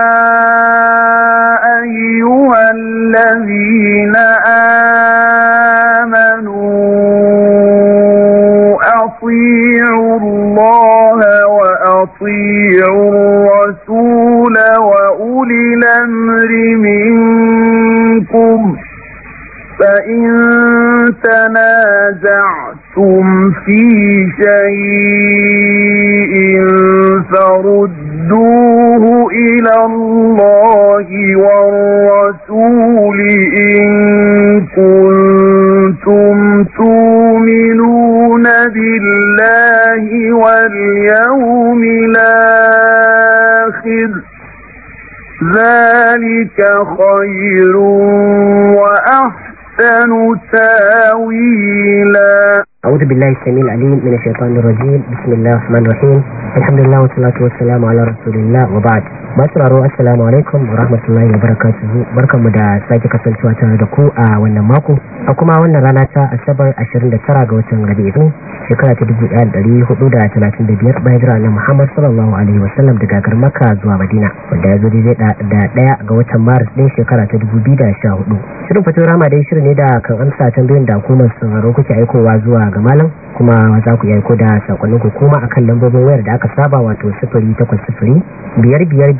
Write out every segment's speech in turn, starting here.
Uh... الشيطان الرجيم بسم الله الرحمن الرحيم الحمد لله والصلاة والسلام على رسول الله وبعد masu assalamu alaikum wa rahmatullahi wa barakatuhu barkanmu da sake kasancewa tare da ku a wannan mako a kuma wannan rana ta asabar 29 ga watan rabi'u shekara ta 1435 bayan jira na muhammad sallallahu alaihi wasallam daga garmaka zuwa madina wanda ya zo daidai da daya ga watan maris din shekara ta 2014 shirin fito rama dai shirin ne da kan amsa tambayin da kuma sauraro kuke aikowa zuwa ga malam kuma za ku aiko da sakonnin ku kuma akan lambobin wayar da aka saba wato 0800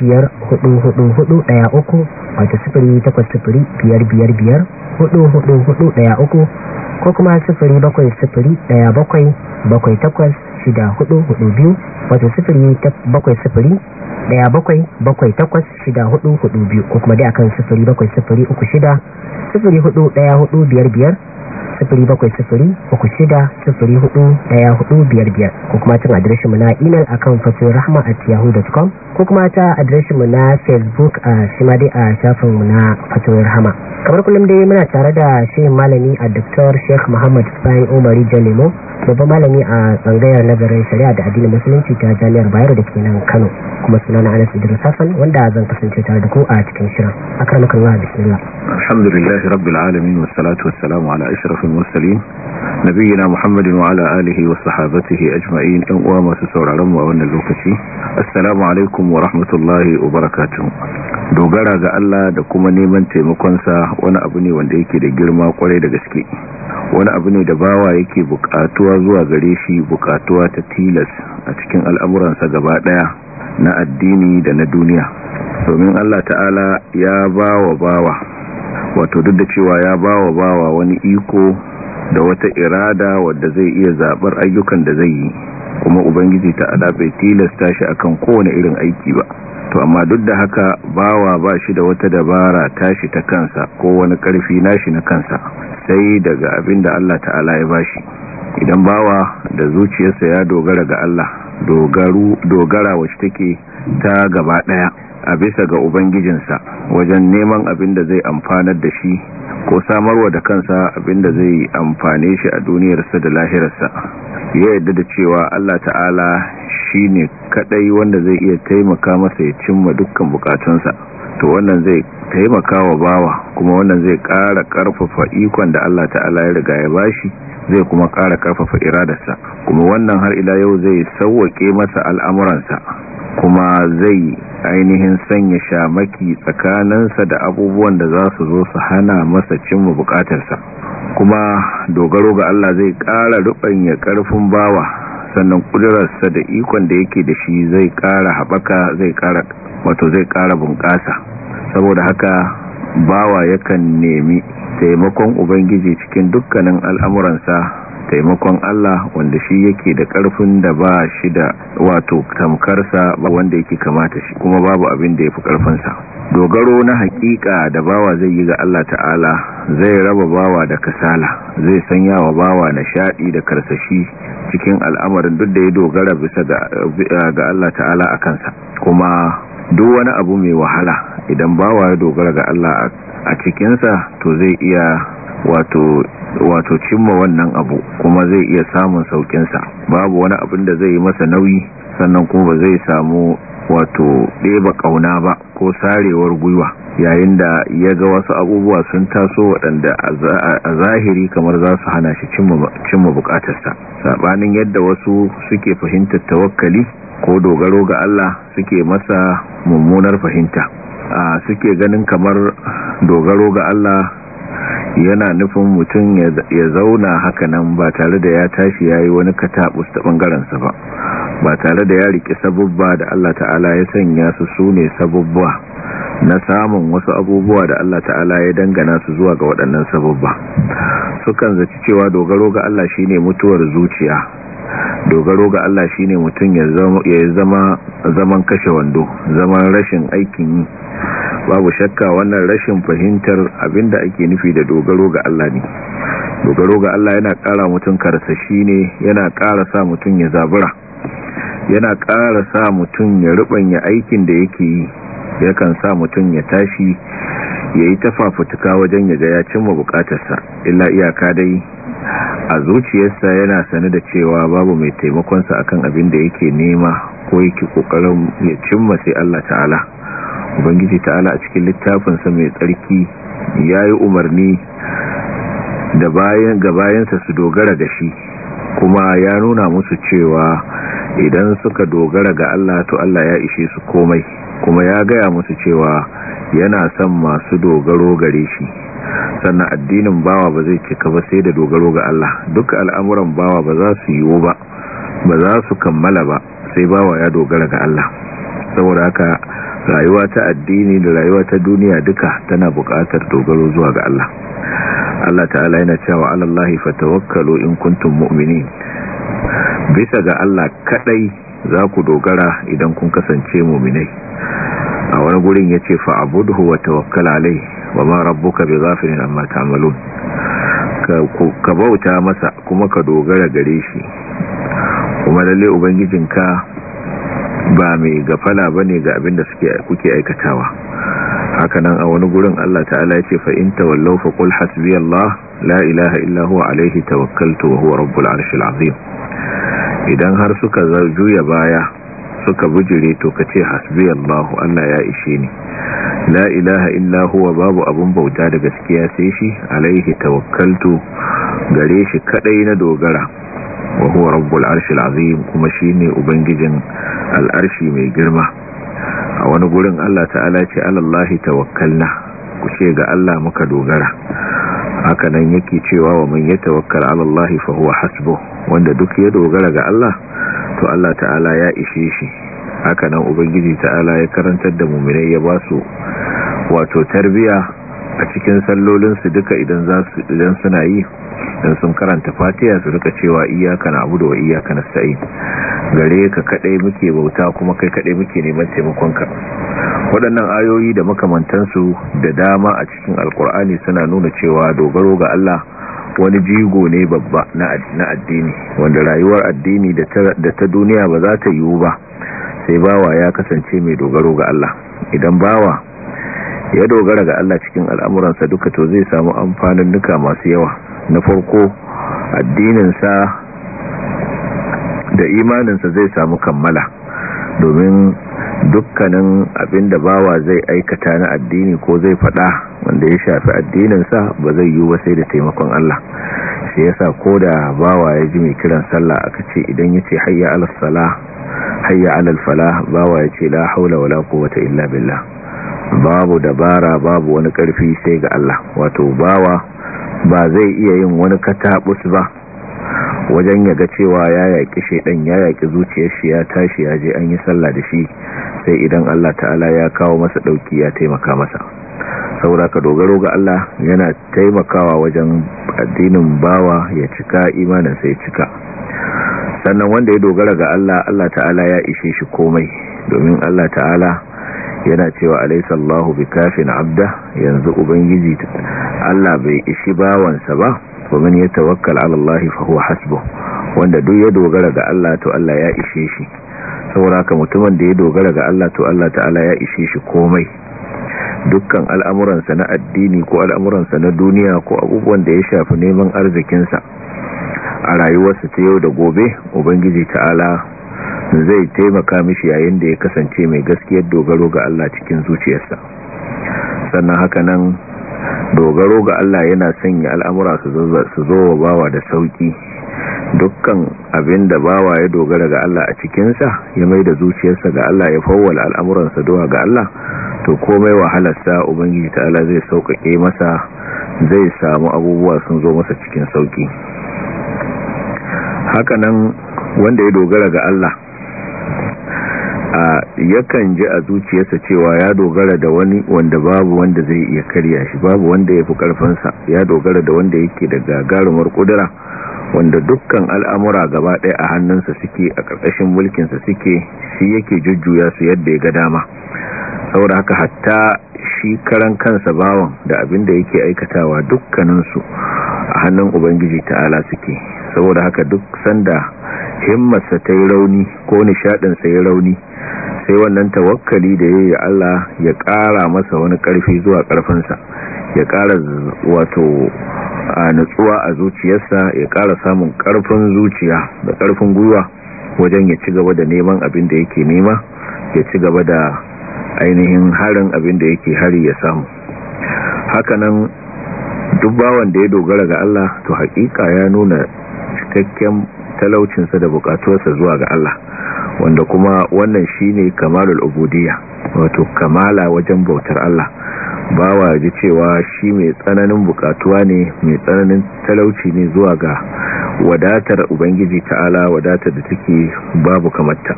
wato 0800 ko kuma 0700 wato 0705 daya bakwai bakwai takwas shida hudu hudu biyu ko kuma dai akan sifiri bakwai sifiri uku shida sifiri hudu daya hudu biyar biyar sifiri bakwai sifiri uku shida sifiri hudu daya hudu biyar biyar ko kuma cin mu na imel akan fasirrahma@yahoo.com at ko kuma ta mu na facebook a shimadi a mu na fatoyin hama kamar kullum dai muna tare da shi malami a dr sheikh muhammad sani umari jalemo babban malami a tsangayar nazarin shari'a da addinin musulunci ta jami'ar bayero da ke nan kano kuma sunana anas idris hassan wanda zan kasance tare da ku a cikin shirin akramakallah bismillah alhamdulillahi rabbil alamin wassalatu wassalamu ala ashrafil mursalin nabiyina muhammadin wa ala alihi wa sahabatihi ajma'in ɗan uwa masu sauraron mu wannan lokaci assalamu alaikum wa rahmatullahi wa barakatun dogara ga Allah da kuma neman taimakonsa wani abu ne wanda yake da girma kwarai da gaske wani abu ne da bawa yake bukatuwa zuwa gare shi bukatuwa ta tilas a cikin al'amuransa gaba daya na addini da na duniya domin Allah ta'ala ya ba wa bawa wato duk da cewa ya ba wa bawa wani iko da wata irada wadda zai iya zabar ayyukan da zai yi kuma ubangiji ta ala bai tilasta shi akan kowane irin aiki ba to amma duk da haka bawa ba shi da wata dabara tashi ta kansa ko wani karfi nashi na kansa sai daga abinda Allah ta'ala ya bashi idan bawa da zuciyarsa ya dogara ga Allah dogaru dogara wacce take ta gaba daya a bisa ga ubangijinsa wajen neman abin da zai amfanar da shi ko samarwa da kansa abinda zai amfane shi a duniyarsa da lahirarsa ya yadda da cewa Allah ta'ala shi ne kadai wanda zai iya taimaka masa ya cimma dukkan bukatunsa to wannan zai taimaka wa bawa kuma wannan zai kara karfafa ikon da Allah ta'ala ya riga ya bashi zai kuma ƙara karfafa iradarsa kuma wannan har ila yau zai sauwaƙe masa al'amuransa kuma zai ainihin sanya shamaki tsakaninsa da abubuwan da za su zo su hana masa cimma bukatarsa kuma dogaro ga Allah zai ƙara ruɓanya ƙarfin bawa sannan ƙudurarsa da ikon da yake da shi zai ƙara haɓaka zai ƙara wato zai ƙara bunƙasa saboda haka bawa yakan nemi taimakon ubangiji cikin dukkanin al'amuransa taimakon Allah wanda shi yake da ƙarfin da ba shi da wato tamkarsa ba wanda yake kamata shi kuma babu abin da ya fi karfinsa dogaro na hakika da bawa zai yi ga Allah ta'ala zai raba bawa da kasala zai sanya wa bawa nishadi da karsashi cikin al'amarin duk da ya dogara bisa eh, ga Allah ta'ala a kansa kuma duk wani abu mai wahala idan bawa ya dogara ga Allah a cikinsa to zai iya wato wato cimma wannan abu kuma zai iya samun saukinsa babu wani abin da zai yi masa nauyi sannan kuma ba zai samu wato ɗeba ƙauna ba ko sarewar gwiwa yayin da ya ga wasu abubuwa sun taso waɗanda a zahiri kamar za su hana shi cimma sa saɓanin yadda wasu suke fahimtar tawakkali ko dogaro ga Allah suke masa mummunar fahimta suke ganin kamar dogaro ga Allah yana nufin mutum ya zauna haka nan ba tare da ya tashi ya yi wani kataɓus ta ɓangarensa ba ba tare da ya riƙe sabubba da Allah ta'ala ya sanya su su ne sabubba na samun wasu abubuwa da Allah ta'ala ya dangana su zuwa ga waɗannan sabubba sukan zaci cewa dogaro ga Allah shi ne mutuwar zuciya dogaro ga Allah shi ne mutum ya zama zaman kashe wando zaman rashin aikin yi babu shakka wannan rashin fahimtar abinda ake nufi da dogaro ga Allah ne dogaro ga Allah yana ƙara mutum shi ne yana ƙara sa mutum ya zabura yana ƙara sa mutum ya ya aikin da yake yi yakan sa mutum ya tashi ya yi tafafutuka wajen ya ga ya cimma bukatarsa illa iyaka dai a zuciyarsa yana sane da cewa babu mai taimakonsa akan abin da yake nema ko yake kokarin ya cimma sai Allah ta'ala ubangiji ala a cikin littafinsa mai tsarki ya yi umarni ga bayansa su dogara da shi kuma ya nuna musu cewa idan suka dogara ga Allah to Allah ya ishe su komai kuma ya gaya musu cewa yana son masu dogaro gare shi sannan addinin bawa ba zai cika ba sai da dogaro ga Allah duk al'amuran bawa ba za su yiwu ba ba za su kammala ba sai bawa ya dogara ga Allah saboda haka rayuwa ta addini da rayuwa ta duniya duka tana buƙatar dogaro zuwa ga Allah Allah ta'ala yana cewa alallahi fatawakkalu in kuntum mu'minin bisa ga Allah kadai za ku dogara idan kun kasance mu'minai a wani gurin yace fa abudhu wa tawakkal alai wa ma rabbuka bighafilin amma ta'malun ka bauta masa kuma ka dogara gare shi kuma lalle ubangijinka ba mai gafala ne ga abin da suke kuke aikatawa hakanan a wani gurin Allah ta'ala ya ce fa in tawallaw fa qul Allah la ilaha illa huwa alayhi tawakkaltu wa huwa rabbul arshil azim idan har suka juya baya suka bujire to ka hasbi hasbiyallah Allah ya ishe ni la ilaha illa huwa babu abun bauta da gaskiya sai shi alaihi tawakkaltu gare shi kadai na dogara wa huwa rabbul arshil azim kuma shine ubangijin al'arshi mai girma a wani gurin Allah ta'ala ce alallahi tawakkalna ku ce ga Allah muka dogara haka nan yake cewa wa man yatawakkal alallahi fa huwa hasbuh wanda duk ya dogara ga Allah to Allah ta'ala ya ishe shi haka nan ubangiji ta'ala ya karantar da mu'minai ya ba su wato tarbiyya. a cikin sallolinsu duka idan idan suna yi dan sun karanta fatiya su duka cewa iyyaka na'budu wa na sa'i, gare ka kaɗai muke bauta kuma kai kaɗai muke neman taimakonka waɗannan ayoyi da makamantansu da dama a cikin alkur'ani suna nuna cewa dogaro ga Allah wani jigo ne babba na addini wanda rayuwar addini da ta duniya ba za ta yiwu ba sai bawa ya kasance mai dogaro ga Allah idan bawa ya dogara ga Allah cikin al'amuransa duka to zai samu amfanin duka masu yawa na farko addininsa da imaninsa zai samu kammala domin dukkanin abin da bawa zai aikata na addini ko zai fada wanda ya shafi addininsa ba zai yi sai da taimakon Allah shi yasa ko da bawa ya ji mai kiran sallah aka ce idan ya ce hayya alasala hayya bawa ya ce la haula wala kowata illa billah babu dabara babu wani karfi sai ga Allah wato bawa ba zai iya yin wani katabus ba wajen yaga cewa ya yaƙi shaidan ya yaƙi zuciyar shi ya tashi ya je an yi sallah da shi sai idan Allah ta'ala ya kawo masa dauki ya taimaka masa saboda ka dogaro ga Allah yana taimakawa wajen addinin bawa ya cika imanin sai cika sannan wanda ya dogara ga Allah Allah ta'ala ya ishe shi komai domin Allah ta'ala yana cewa alaysa Allahu kafin abda yanzu ubangiji Allah bai ishi bawansa ba wa ya tawakkal Alallahi Allah fa wanda duk ya dogara ga Allah to Allah ya ishe shi saboda mutumin da ya dogara ga Allah to Allah ta'ala ya ishe shi komai dukkan al'amuransa na addini ko al'amuransa na duniya ko abubuwan da ya shafi neman arzikinsa a rayuwarsa ta yau da gobe ubangiji ta'ala zai taimaka mishi yayin da ya kasance mai gaskiyar dogaro ga Allah cikin zuciyarsa sannan haka nan dogaro ga Allah yana sanya al'amura su zo wa bawa da sauƙi. dukkan abin da bawa ya dogara ga Allah a cikinsa ya mai da zuciyarsa ga Allah ya fawwala al'amuransa zuwa ga Allah to komai wahalarsa ubangiji ta Allah zai sauƙaƙe masa zai samu abubuwa sun zo masa cikin sauƙi nan wanda ya dogara ga Allah a yakan ji a zuciyarsa cewa ya dogara da wani wanda babu wanda zai iya karya shi babu wanda ya fi karfansa ya dogara da wanda yake da gagarumar kudura wanda dukkan al'amura gaba ɗaya a hannunsa suke a ƙarƙashin mulkinsa suke shi yake jujjuya su yadda ya ga dama saboda haka hatta shi karan kansa bawan da abin da yake aikatawa dukkaninsu a hannun ubangiji ta'ala suke saboda haka duk sanda himmarsa ta yi rauni ko nishadinsa ya rauni sai wannan tawakkali da ya yi Allah ya kara masa wani karfi zuwa karfinsa ya kara wato a nutsuwa a zuciyarsa ya kara samun karfin zuciya da karfin gwiwa wajen ya ci gaba da neman abin da yake nema ya ci gaba da ainihin harin abin da yake hari ya samu hakanan duk bawan da ya dogara ga Allah to hakika ya nuna cikakken talaucinsa da bukatuwarsa zuwa ga Allah wanda kuma wannan shine kamalul ubudiyya wato kamala wajen bautar Allah bawa ji cewa shi mai tsananin bukatuwa ne mai tsananin talauci ne zuwa ga wadatar ubangiji ta'ala wadatar da take babu kamarta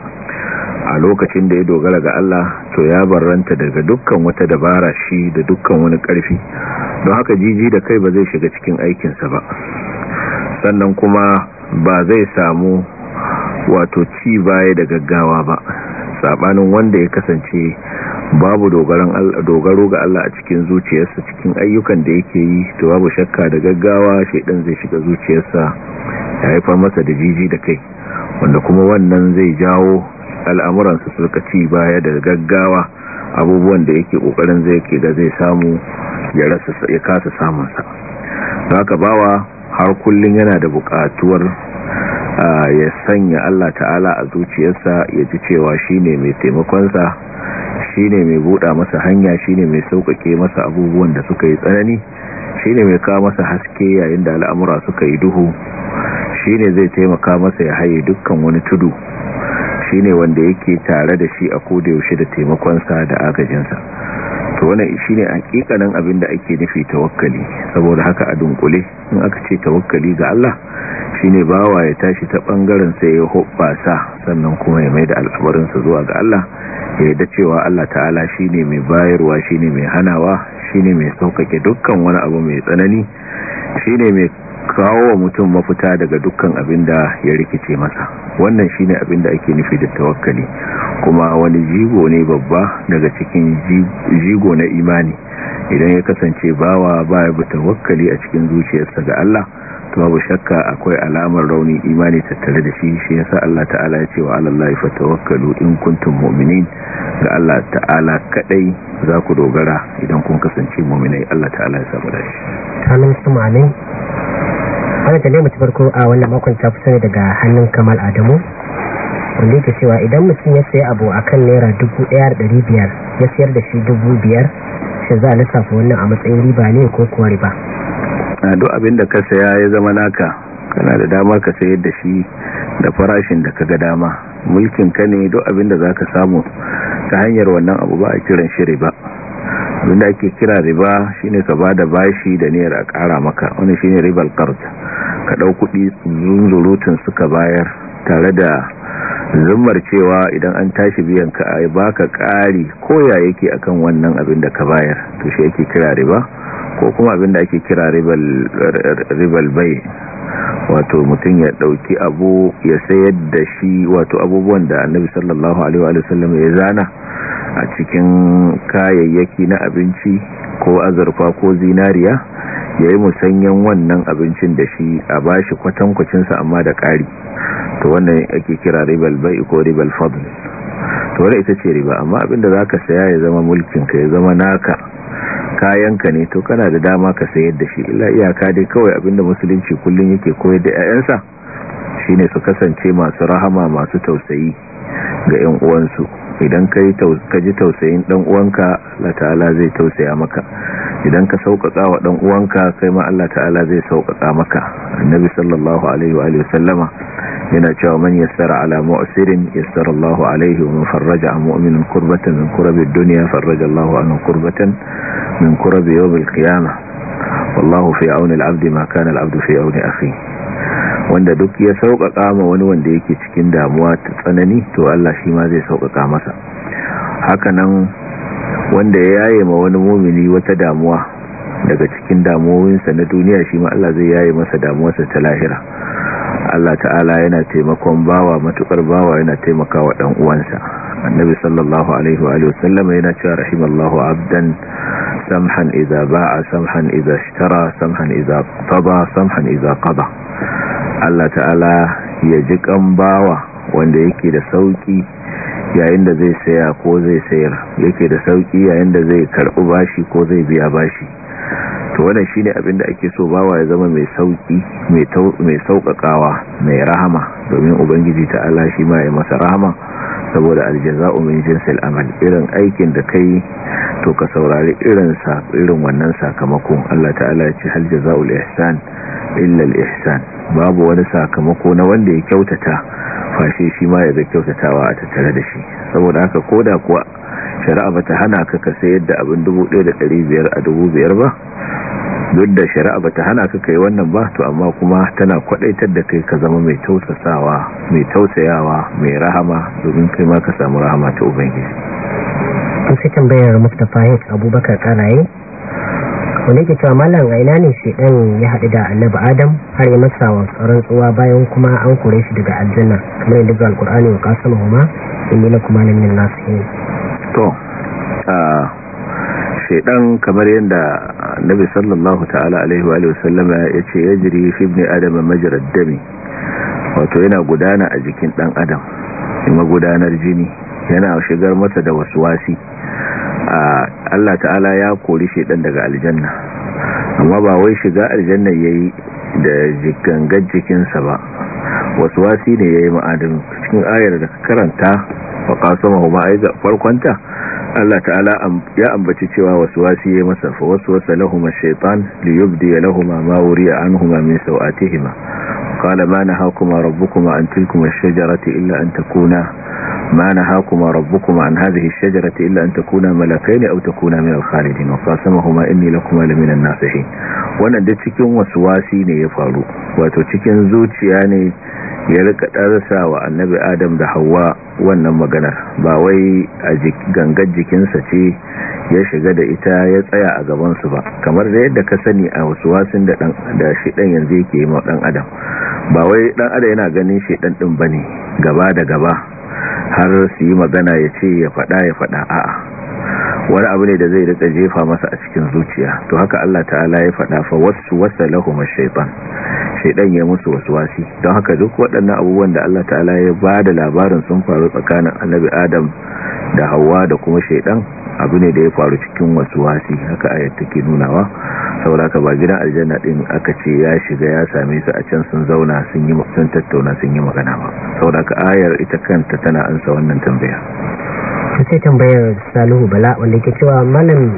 a lokacin da ya dogara ga Allah to ya barranta daga dukkan wata dabara shi da dukkan wani karfi don haka jiji da kai ba zai shiga cikin aikinsa ba sannan kuma ba zai samu wato ci baya da gaggawa ba sabanin wanda ya kasance babu dogaro ga Allah a cikin zuciyarsa cikin ayyukan da yake yi to babu shakka da gaggawa shaidan zai shiga zuciyarsa ya haifar masa da jiji da kai wanda kuma wannan zai jawo al'amuransa su suka ci baya da gaggawa abubuwan da yake kokarin zai ke da zai samu ya rasa ya kasa samunsa haka bawa har kullum yana da bukatuwar ya sanya Allah ta'ala a zuciyarsa ya ji cewa shi ne mai taimakonsa shi ne mai buɗa masa hanya shi ne mai sauƙaƙe masa abubuwan da suka yi tsanani shi ne mai kawo masa haske yayin da al'amura suka yi duhu shi ne zai taimaka masa ya haye dukkan wani tudu shi ne wanda yake tare da shi a koda da taimakonsa da agajinsa to wannan shine hakikanin abin da ake nufi tawakkali saboda haka a dunkule in aka ce tawakkali ga Allah shine bawa ya tashi ta ɓangaren sai ya hoɓasa sannan kuma ya mai da al'amarin sa zuwa ga Allah ya da cewa Allah ta'ala shine mai bayarwa shine mai hanawa shine mai saukake dukkan wani abu mai tsanani shine mai kawo wa mutum mafita daga dukkan abin da ya rikice masa wannan shine abin da ake nufi da tawakkali kuma wani jigo ne babba daga cikin jigo na imani idan ya kasance bawa baya bi tawakkali a cikin zuciyarsa ga Allah to babu shakka akwai alamar rauni imani tattare da shi shi yasa Allah ta'ala ya ce wa alallahi tawakkalu in kuntum mu'minin ga Allah ta'ala kadai za ku dogara idan kun kasance mu'minai Allah ta'ala ya samu dashi ana tambayar mace farko a wannan makon ta fi ne daga hannun kamal adamu wanda yake cewa idan mutum ya sayi abu a kan naira dubu ɗaya da ɗari biyar ya sayar da shi dubu biyar shi za a lissafa wannan a matsayin riba ne ko kuwa riba na duk abin da ka saya ya zama naka kana da damar ka sayar da shi da farashin da ka ga dama mulkin ka ne duk abin da za ka samu ta hanyar wannan abu ba a kiran shi riba abinda ake kira riba shine ka ba da bashi da niyyar a kara maka wani shine ribal qard ka dau kudi zunzurutun suka bayar tare da zumar cewa idan an tashi biyan ka ai baka ko ya yake akan wannan abin da ka bayar to shi yake kira riba ko kuma abin da ake kira ribal ribal bai wato mutum ya dauki abu ya sayar da shi wato abubuwan da annabi sallallahu alaihi wa sallam ya zana a cikin kayayyaki na abinci ko azurfa ko zinariya ya yi musanyen wannan abincin da shi a ba bashi kwatankwacinsa amma da ƙari to wannan ake kira ribal bai ko ribal fadl to wadda ita ce riba amma abinda za ka saya ya zama mulkinka ya zama naka kayanka ne to kana da dama ka sayar da shi illa iyaka dai kawai abinda musulunci kullum yake koyar da 'ya'yansa shine su kasance masu rahama masu tausayi ga 'yan uwansu idan ka ji tausayin dan uwanka Allah ta'ala zai tausaya maka idan ka sauƙaƙa wa dan uwanka kai ma Allah ta'ala zai sauƙaƙa maka annabi sallallahu alaihi wa sallama yana cewa man yassara ala mu'sirin yassara Allah alaihi wa farraja mu'minin kurbatan min kurabi dunya farraja Allah anhu kurbatan min kurabi yawm al-qiyamah wallahu fi auni al abd ma kana al abd fi auni akhihi wanda duk ya sauƙaƙa ma wani wanda yake cikin damuwa ta tsanani to Allah shi ma zai sauƙaƙa masa nan, wanda ya yaye ma wani mumini wata damuwa daga cikin damuwowinsa na duniya shi ma Allah zai yaye masa damuwarsa ta lahira Allah ta'ala yana taimakon bawa matukar bawa yana taimakawa ɗan uwansa annabi sallallahu alaihi wa sallam yana cewa rahimallahu abdan samhan idza ba'a samhan idza ishtara samhan idza taba samhan idza qada Allah ta'ala ya ji kan bawa wanda yake da sauki yayin da zai saya ko zai sayar yake da sauki yayin da zai karbi bashi ko zai biya bashi to wannan shine abin da ake so bawa ya zama mai sauki mai sauƙaƙawa mai rahama domin ubangiji ta'ala shi ma ya masa rahama saboda aljaza'u min jinsil amal irin aikin da kai to ka saurari irin sa irin wannan sakamako Allah ta'ala ya ce hal jaza'ul ihsan illa al ihsan babu wani sakamako na wanda ya kyautata fashe shi ma ya ga kyautatawa a tattare da shi saboda haka koda kuwa shari'a bata hana ka ka sayar da abin 1500 a 2000 ba duk da shari'a bata hana ka kai wannan ba to amma kuma tana kwadaitar da kai ka zama mai tausasawa mai tausayawa mai rahama domin kai ma ka samu rahama ta ubangiji to sai tambayar Mustafa Abubakar Karaye wani ke cewa malam aina ne ɗan ya haɗu da annabi adam har yi masa wa rantsuwa bayan kuma an kore shi daga aljanna kamar yadda zuwa alkur'ani wa na kuma nan yin nasu yi to ah, shaidan kamar yadda nabi sallallahu ta'ala alaihi wa sallama ya ce ya jiri fi ibn adam majrad dami wato yana gudana a jikin dan adam kuma gudanar jini yana shigar masa da wasu wasi Allah ta'ala ya kori shaidan daga aljanna amma ba wai shiga aljanna yayi da jigangar jikinsa ba wasi ne yayi ma'adin cikin ayar da karanta wa qasama huma aiza farkonta Allah ta'ala ya ambaci cewa wasu wasu ya masa fa waswasa lahum da ya li yubdi a ma wuriya anhum min hima qala ma rabu kuma an tilkuma ash-shajarati illa an kuna. ما نهاكما ربكما عن هذه الشجرة إلا أن تكونا ملكين أو تكونا من الخالدين وقاسمهما إني لكما لمن الناصحين wannan da cikin wasi ne ya faru wato cikin zuciya ne ya rika darsa wa annabi Adam da Hawwa wannan maganar ba wai a gangar jikinsa ce ya shiga da ita ya tsaya a gabansu ba kamar da yadda ka sani a wasuwasin wasin da shi yanzu yake yi ma dan Adam ba wai dan Adam yana ganin shi dan din bane gaba da gaba har su yi magana ya ce ya faɗa ya faɗa a'a wani abu ne da zai rika jefa masa a cikin zuciya to haka Allah ta'ala ya faɗa fa wasu wasa lahuma shaitan shaitan ya musu wasu wasi don haka duk waɗannan abubuwan da Allah ta'ala ya ba da labarin sun faru tsakanin annabi adam da hawa da kuma shaitan abu ne da ya faru cikin wasu wasi haka ayat take nunawa sauraka ba gidan aljanna din aka ce ya shiga ya same su a can sun zauna sun yi mutun tattauna sun yi magana ba sauraka ayar ita kanta tana ansa wannan tambaya sai tambayar Salihu Bala wanda yake cewa malam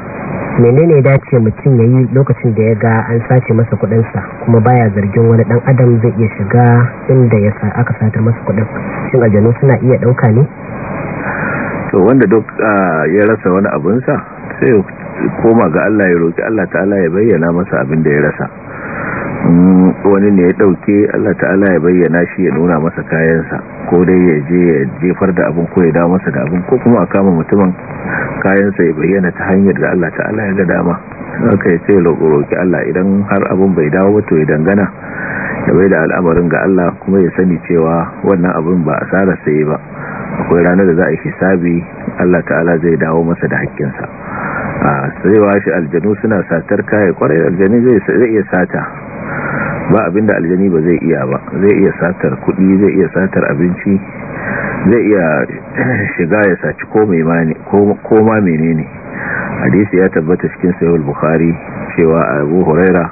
menene dace mutum ya yi lokacin da ya ga an sace masa sa kuma baya zargin wani dan adam zai iya shiga inda ya aka satar masa kudin shin aljanu suna iya dauka ne to wanda duk ya rasa wani abinsa sai koma ga Allah ya roki Allah ta'ala ya bayyana masa abin da ya rasa mm, wani ne ya dauke Allah ta'ala ya bayyana shi ya nuna masa kayansa ko dai ya je ya jefar da abin ko ya dawo masa da abin ko kuma a kama mutumin kayansa ya bayyana ta hanyar da Allah ta'ala ya ga dama aka ya ce roƙi Allah idan har abin bai dawo ba to ya dangana ya bai da al'amarin ga Allah kuma ya sani cewa wannan abin ba asarar sai ba akwai ranar da za a hisabi Allah ta'ala zai dawo masa da hakkinsa a wa shi aljanu suna satar kaya kwarai aljani zai iya sata ba abinda aljani ba zai iya ba zai iya satar kudi zai iya satar abinci zai iya shiga ya saci ko ma menene hadisi ya tabbata cikin sayar bukhari cewa abu huraira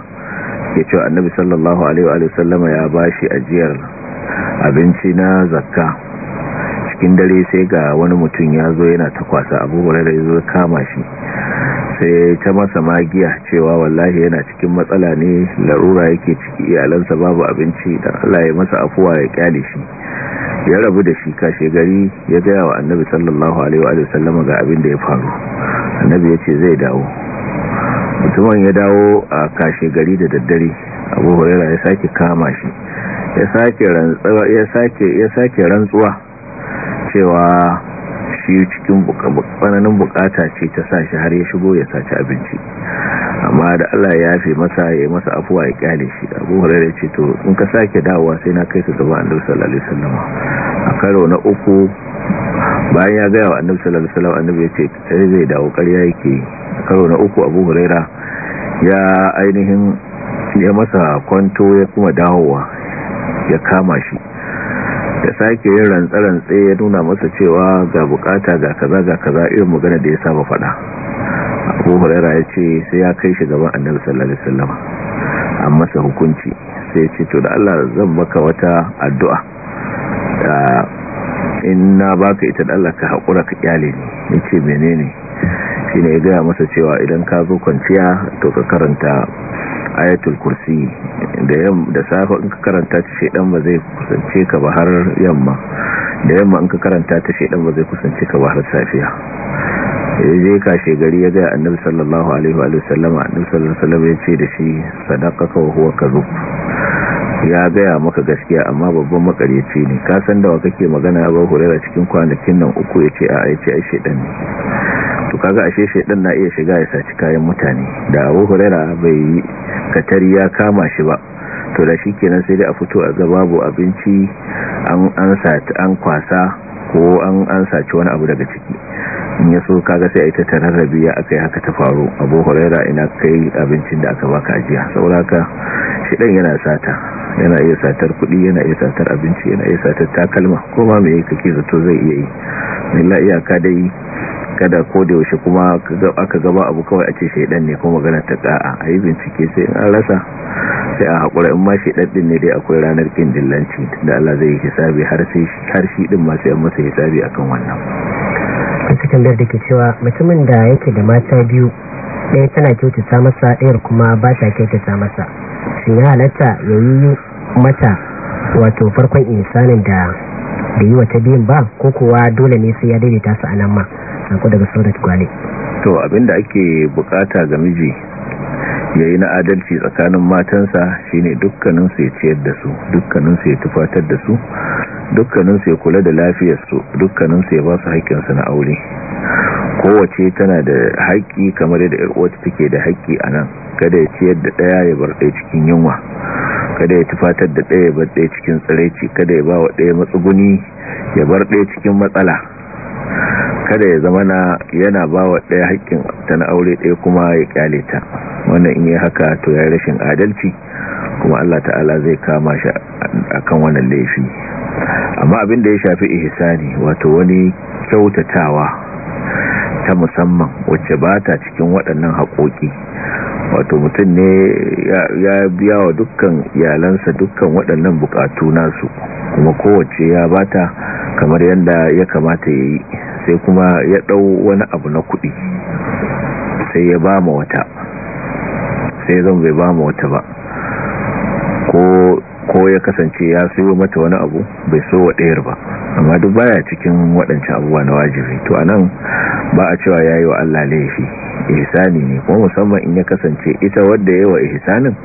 ke cewa annabi sallallahu alaihi wa sallama ya bashi ajiyar abinci na zakka cikin dare sai ga wani mutum ya zo yana ta kwasa abu huraira ya zo kama shi sai ta masa magiya cewa wallahi yana cikin matsala ne larura yake ciki iyalansa babu abinci da Allah masa afuwa ya kyale shi ya rabu da shi kashe gari ya gaya wa annabi sallallahu alaihi wa sallama ga abin da ya faru annabi ya ce zai dawo mutumin ya dawo a kashe gari da daddare abu huraira ya sake kama shi ya sake rantsuwa cewa shi cikin tsananin bukata ce ta sa shi har ya shigo ya saci abinci amma da Allah ya yafe masa ya masa afuwa ya kyale shi abu hurairu ce to in ka sake dawowa sai na kai ka gaba annabi sallallahu alaihi a karo na uku bayan ya gaya wa annabi sallallahu alaihi wasallam annabi ya ce sai zai dawo ƙarya yake karo na uku abu hurairu ya ainihin ya masa kwanto ya kuma dawowa ya kama shi da sake yin rantsarantse ya nuna masa cewa ga bukata ga kaza ga kaza irin magana da ya saba faɗa abu hulera ya ce sai ya kai shi gaban annabi sallallahu alaihi wasallam an masa hukunci sai ya ce to da Allah zan baka wata addu'a in na baka ita da Allah ka hakura ka kyale ni yace menene shine ya gaya masa cewa idan ka zo kwanciya to ka karanta ayatul kursi da safa in ka karanta ta shedan ba zai kusance ka ba har yamma da yamma in ka karanta ta shedan ba zai kusance ka ba har safiya yaje je shegari gari ya gaya annabi sallallahu alaihi wa sallama annabi sallallahu alaihi wa sallama ya ce da shi sadaqaka wa huwa kadhub ya gaya maka gaskiya amma babban makaryaci ne ka san da wa kake magana ba hurera cikin kwanakin nan uku ya ce a aice ai shedan ne to kaga ashe shaidan na iya shiga ya saci kayan mutane da Abu hurera bai katari ya kama shi ba to da shi kenan sai dai a fito a ga babu abinci an an an kwasa ko an an saci wani abu daga ciki in ya so kaga sai a ita ta rarrabe ya aka haka ta faru abu hurera ina kai abincin da aka baka ajiya sauraka shi dan yana sata yana iya satar kuɗi yana iya satar abinci yana iya satar takalma koma mai kake zato zai iya yi illa iyaka dai kada ko da yaushe kuma aka gaba abu kawai a ce shaidan ne kuma magana ta ka'a a yi bincike sai an rasa sai a haƙura in ma shaidan din ne dai akwai ranar kin dillanci da Allah zai yi hisabi har shi din masu sai an masa hisabi akan wannan a tambayar da ke cewa mutumin da yake da mata biyu ɗaya tana kyautata masa ɗayar kuma ba ta kyautata masa shi ya halatta ya yi mata wato farkon insanin da da yi wata biyun ba ko kuwa dole ne sai ya daidaita su a nan ma sako daga da tukwane. to abinda ake bukata ga miji ya yi na adalci tsakanin matansa shine dukkaninsu ya ciyar da su dukkaninsu ya tufatar da su dukkaninsu ya kula da lafiyarsu dukkaninsu ya ba su haƙƙinsu na aure kowace tana da haƙƙi kamar yadda irwata take da haƙƙi a nan kada ya ciyar da ɗaya ya bar ɗaya cikin yunwa kada ya tufatar da ɗaya ya bar ɗaya cikin tsiraici kada ya ba wa ɗaya matsuguni ya bar ɗaya cikin matsala kada ya zama na yana ba wa ɗaya haƙƙin ta na aure ɗaya kuma ya ƙyale ta wannan in yi haka to ya rashin adalci kuma Allah ta'ala zai kama shi akan wannan laifi amma abin da ya shafi ne wato wani kyautatawa ta musamman wacce ba ta cikin waɗannan haƙoƙi wato mutum ne ya biya wa dukkan iyalansa dukkan waɗannan buƙatu nasu kuma kowace ya bata kamar yadda ya kamata ya yi sai kuma ya ɗau wani abu na kuɗi sai ya ba wata sai zan bai ba ma wata ba ko ya kasance ya siyo mata wani abu bai so wa ɗayar ba amma duk baya cikin waɗancan abubuwa na wajibi to anan ba a cewa ya yi wa Allah laifi ihsani ne kuma musamman in ya kasance ita wadda yi wa ihsanin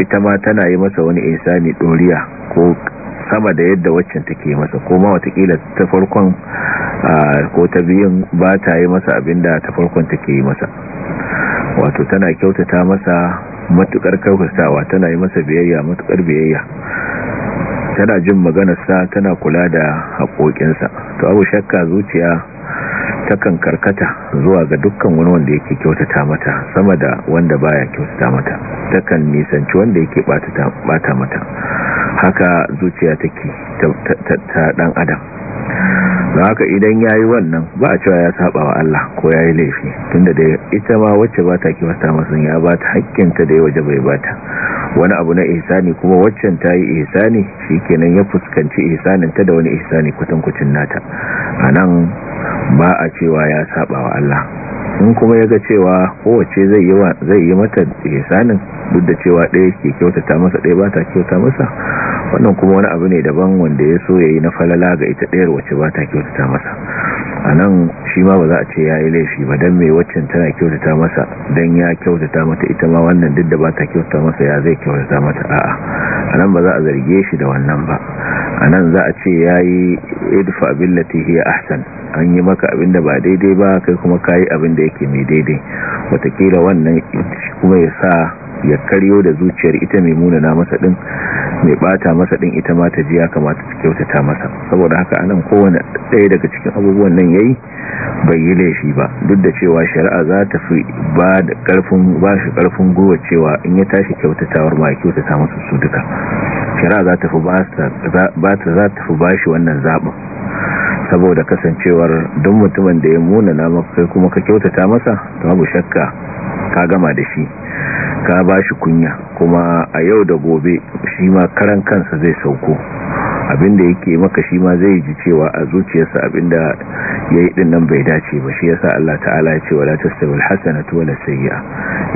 ita ma tana yi masa wani ihsani ɗoriya ko sama da yadda waccan take masa kuma watakila ta farkon ko ta biyun ba ta yi masa abinda ta farkon take yi masa wato tana kyautata masa matukar kyautatawa tana yi masa biyayya matukar biyayya tana jin maganarsa tana kula da haƙoƙinsa to abu shakka zuciya takan karkata zuwa ga dukkan wani wanda yake kyautata mata sama da wanda baya kyautata mata ta kan nisanci wanda yake bata mata haka zuciya take ta dan adam da haka idan ya yi wannan ba a cewa ya saba wa Allah ko ya yi laifi tunda da ita ma wacce ba ta kiwata masu ya ba ta hakkinta da ya waje bai ba ta wani abu na ihsani kuma waccan ta yi ihsani shi kenan ya fuskanci ihsaninta da wani ihsani kwatankwacin nata a nan ba a cewa ya saba wa Allah in kuma ya ga cewa kowace zai yi mata ihsanin duk da cewa ɗaya ke kyautata masa ɗaya ba ta kyauta masa wannan kuma wani abu ne daban wanda ya so ya yi na falala ga ita ɗayar wacce ba ta kyautata masa a nan shi ma ba za a ce ya yi laifi ba don mai waccan tana kyautata masa don ya kyautata mata ita ma wannan duk da ba ta kyautata masa ya zai kyautata mata a'a a nan ba za a zarge shi da wannan ba a nan za a ce ya yi idfa latihi a ahsan an yi maka abin da ba daidai ba kai kuma kayi abin da yake mai daidai watakila wannan kuma ya sa ya karyo da zuciyar ita mai munana masa din mai bata masa din ita ma ta ji ya kamata ta kyautata masa saboda haka anan kowane ɗaya daga cikin abubuwan nan yayi bai yi laifi ba duk da cewa shari'a za ta fi ba da karfin ba shi karfin gowa cewa in ya tashi kyautatawar ma ya kyautata masa su duka shari'a za ta fi ba shi wannan zaɓin saboda kasancewar duk mutumin da ya munana maka kai kuma ka kyautata masa to babu shakka ka gama da shi ka ba shi kunya kuma a yau da gobe shi ma karan kansa zai sauko abinda yake maka shi ma zai ji cewa a zuciyarsa abinda ya yi dinnan bai dace ba shi ya sa Allah ta'ala ya ce wa wala tastawil hasanatu wala sayyi'a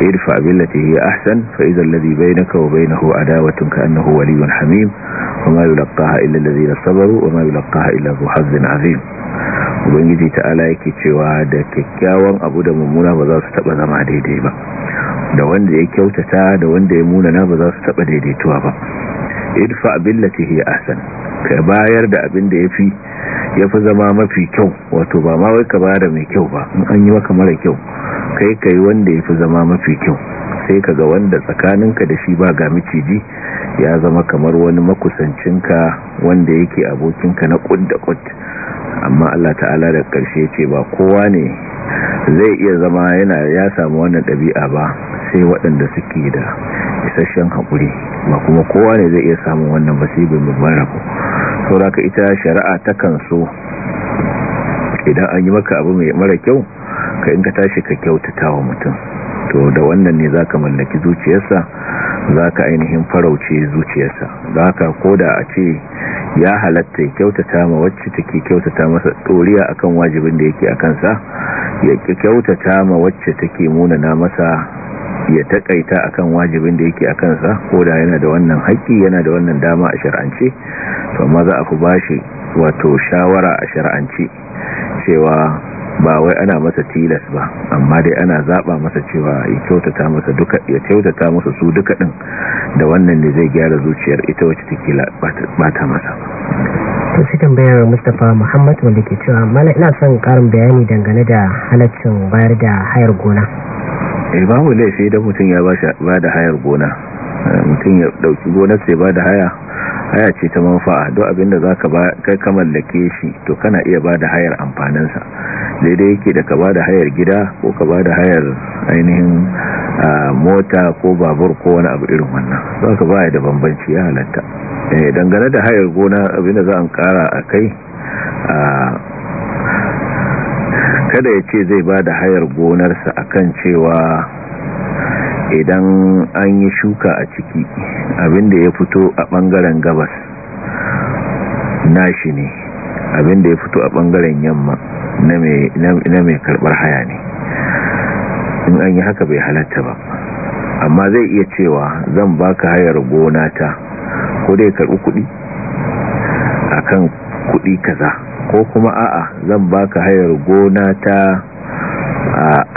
irfa billati hiya ahsan na idhal bai bainaka wa bainahu adawatun ka annahu waliyyun hamim wa ma yulqaha illa alladhina sabaru wa ma yulqaha illa dhu hazin azim ubangiji ta'ala yake cewa da kyakkyawan abu da mummuna ba za su taɓa zama daidai ba da wanda ya kyautata da wanda ya munana ba za su taba daidaituwa ba idfa billati hi ahsan ka bayar da abin da yafi yafi zama mafi kyau wato ba ma wai ka bayar da mai kyau ba in an yi maka mara kyau kai kai wanda ya fi zama mafi kyau sai ka ga wanda tsakaninka da shi ba ga miciji ya zama kamar wani makusancinka wanda yake abokinka na kud da kud amma Allah ta'ala da karshe ce ba kowa ne zai iya zama yana ya samu wannan ɗabi'a ba sai waɗanda suke da isasshen haƙuri ba kuma kowa ne zai iya samu wannan basibin babban saura ka ita shari'a takan so idan an yi maka abu mai mara kyau ka in tashi ka kyautata wa mutum to da wannan ne zaka mallaki zuciyarsa zaka ainihin farauce zuciyarsa zaka koda a ce ya halatta ya kyautata ma wacce take kyautata masa doriya akan wajibin da yake akan sa ya kyautata ma wacce take munana masa ya takaita akan wajibin da yake akan sa koda yana da wannan haƙƙi yana da wannan dama a shar'ance to amma za a ku bashi wato shawara a shar'ance cewa ba wai ana masa tilas ba amma dai ana zaba masa cewa ya kyautata masa duka ya kyautata masa su duka din da wannan ne zai gyara zuciyar ita wacce take bata masa to sai tambayar mustafa Muhammad wanda ke cewa mallam ina son karin bayani dangane da halaccin bayar da hayar gona eh babu laifi da mutum ya ba da hayar gona eh, mutum ya dauki gonar sai ba da haya haya ce ta manfa'a duk abinda za ka kai ka mallake shi to kana iya ba da hayar amfaninsa daidai yake da ka ba da hayar gida ko ka ba da hayar ainihin mota ko babur ko wani abu irin wannan za ka baya da banbanci ya halatta eh, dangane da hayar gona abinda za a kara a kai kada ya ce zai ba da hayar gonarsa akan cewa idan an yi shuka a ciki abinda ya fito a bangaren gabas Na shi ne abinda ya fito a bangaren yamma na mai karbar haya ne in an yi haka bai halatta ba amma zai iya cewa zan baka hayar gona ta ko dai karbi kudi akan kudi kaza ko kuma a'a zan baka hayar gona ta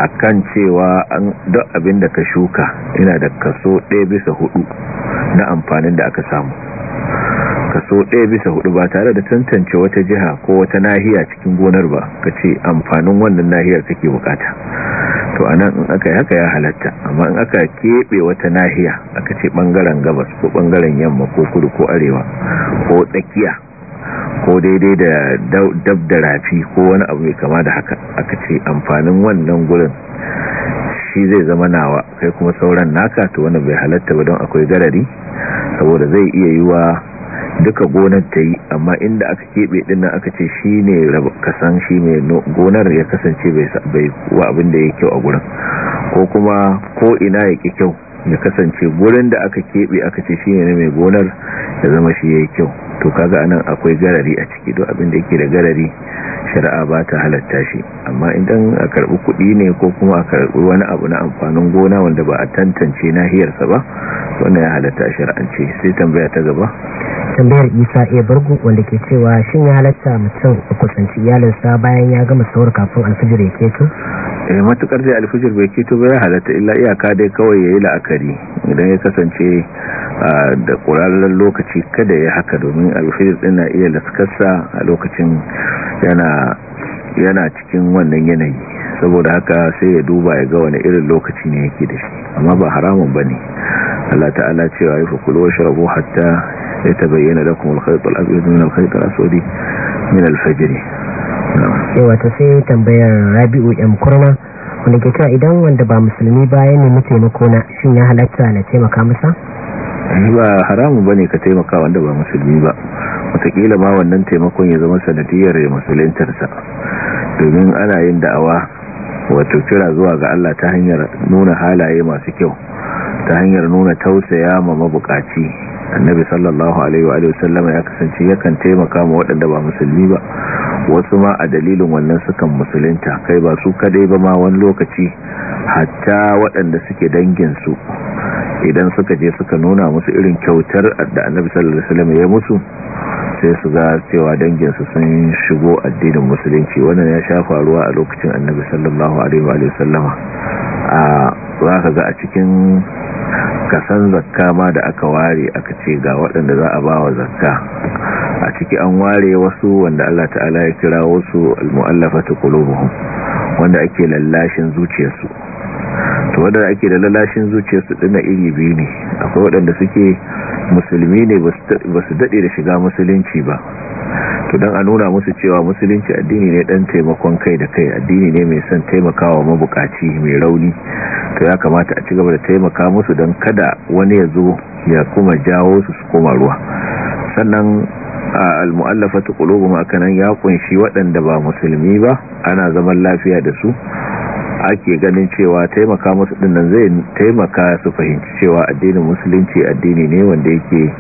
a kan cewa duk abin da ka shuka yana da kaso ɗaya bisa hudu na amfanin da aka samu kaso ɗaya bisa hudu ba tare da tantance wata jiha ko wata nahiya cikin gonar ba ka ce amfanin wannan nahiyar kake bukata to anan in aka yi haka ya halatta amma in aka keɓe wata nahiya aka ce ɓangaren gabas ko ɓangaren yamma ko kudu ko arewa ko tsakiya ko daidai da dab da rafi ko wani abu mai kama da haka aka ce amfanin wannan gurin shi zai zama nawa kai kuma sauran naka to wani bai halatta ba don akwai garari saboda zai iya yi wa duka gonar ta yi amma inda aka keɓe dinnan aka ce shi ne kasan shi mai gonar ya kasance bai wa abin da ya kyau a gurin ko kuma ko ina ya ƙi kyau ya kasance gurin da aka keɓe aka ce shi ne mai gonar ya zama shi ya kyau to kaga anan akwai garari a ciki duk abin da yake da garari shari'a ba ta halatta shi amma idan a karbi kuɗi ne ko kuma a karbi wani abu na amfanin gona wanda ba a tantance nahiyarsa ba wannan ya halatta shari'ance sai tambaya ta gaba tambayar isa iya bargu wanda ke cewa shin ya halatta mutum a kusanci iyalinsa bayan ya gama saurar kafin alfijir ya keto eh matukar dai alfijir bai keto ba ya halatta illa iyaka dai kawai yayi la'akari idan ya kasance da kurallan lokaci kada ya haka domin alfijir din na iya laskarsa a lokacin yana yana cikin wannan yanayi saboda haka sai ya duba ya ga wani irin lokaci ne yake da shi amma ba haramun bane Allah ta'ala cewa ya fakulu wa shrabu hatta yatabayyana lakum al-khayt al-abyad min al-khayt al-aswad min al-fajr yawa ta sai tambayar rabi'u m kurma wanda ke kira idan wanda ba musulmi ba ya nemi taimako na shin ya halatta na taimaka masa ba haramun ba ne ka taimaka wanda ba musulmi ba watakila ma wannan taimakon ya zama sanadiyar ya musulintarsa domin ana yin da'awa wato kira zuwa ga Allah ta hanyar nuna halaye masu kyau ta hanyar nuna tausaya ma mabukaci annabi sallallahu alaihi wa sallama ya kasance yakan taimaka ma waɗanda ba musulmi ba wasu ma a dalilin wannan sukan musulunta kai ba su kadai ba ma wani lokaci hatta waɗanda suke dangin su idan suka je suka nuna musu irin kyautar da annabi sallallahu alaihi wa ya musu sai su ga cewa danginsu sun shigo addinin musulunci wannan ya sha faruwa a lokacin annabi sallallahu alaihi wa sallama a za ka ga a cikin kasan zakka ma da aka ware aka ce ga waɗanda za a ba wa zakka a ciki an ware wasu wanda Allah ta'ala ya kira wasu al-mu'allafatu qulubuhum wanda ake lallashin zuciyarsu to wadanda ake da lalashin zuciyarsu dina iri biyu ne akwai wadanda suke musulmi ne ba su dade da shiga musulunci ba to don a nuna musu cewa musulunci addini ne dan taimakon kai da kai addini ne mai son taimakawa mabukaci mai rauni to ya kamata a ci gaba da taimaka musu don kada wani ya zo ya kuma jawo su su koma ruwa sannan a almu'allafa ta kulubu akanan ya kunshi waɗanda ba musulmi ba ana zaman lafiya da su ake ganin cewa taimaka musu dinnan zai taimaka su fahimci cewa addinin musulunci addini ne wanda yake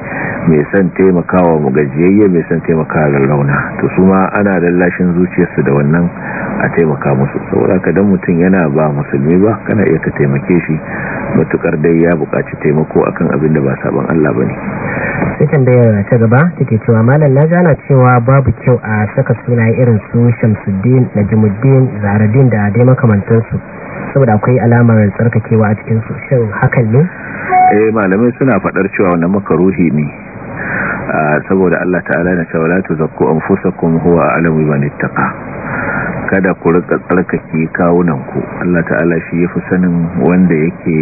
mai son taimakawa mu gajiyayye mai son taimakawa lallauna to su ma ana lallashin zuciyarsu da wannan a taimaka musu saboda ka dan mutum yana ba musulmi ba kana iya ka taimake shi matukar dai ya buƙaci taimako akan abin da ba sabon Allah bane sai tambayar ta gaba take cewa malam na gana cewa babu kyau a saka sunaye irin su shamsuddin jimuddin zaradin da dai makamantansu saboda akwai alamar tsarkakewa a cikinsu shin hakan ne eh malamai suna faɗar cewa wannan makaruhi ne saboda Allah ta'ala na cewa la tuzakku anfusakum huwa a'lamu biman ittaqa kada ku rika tsarkake kawunan ku Allah ta'ala shi yafi sanin wanda yake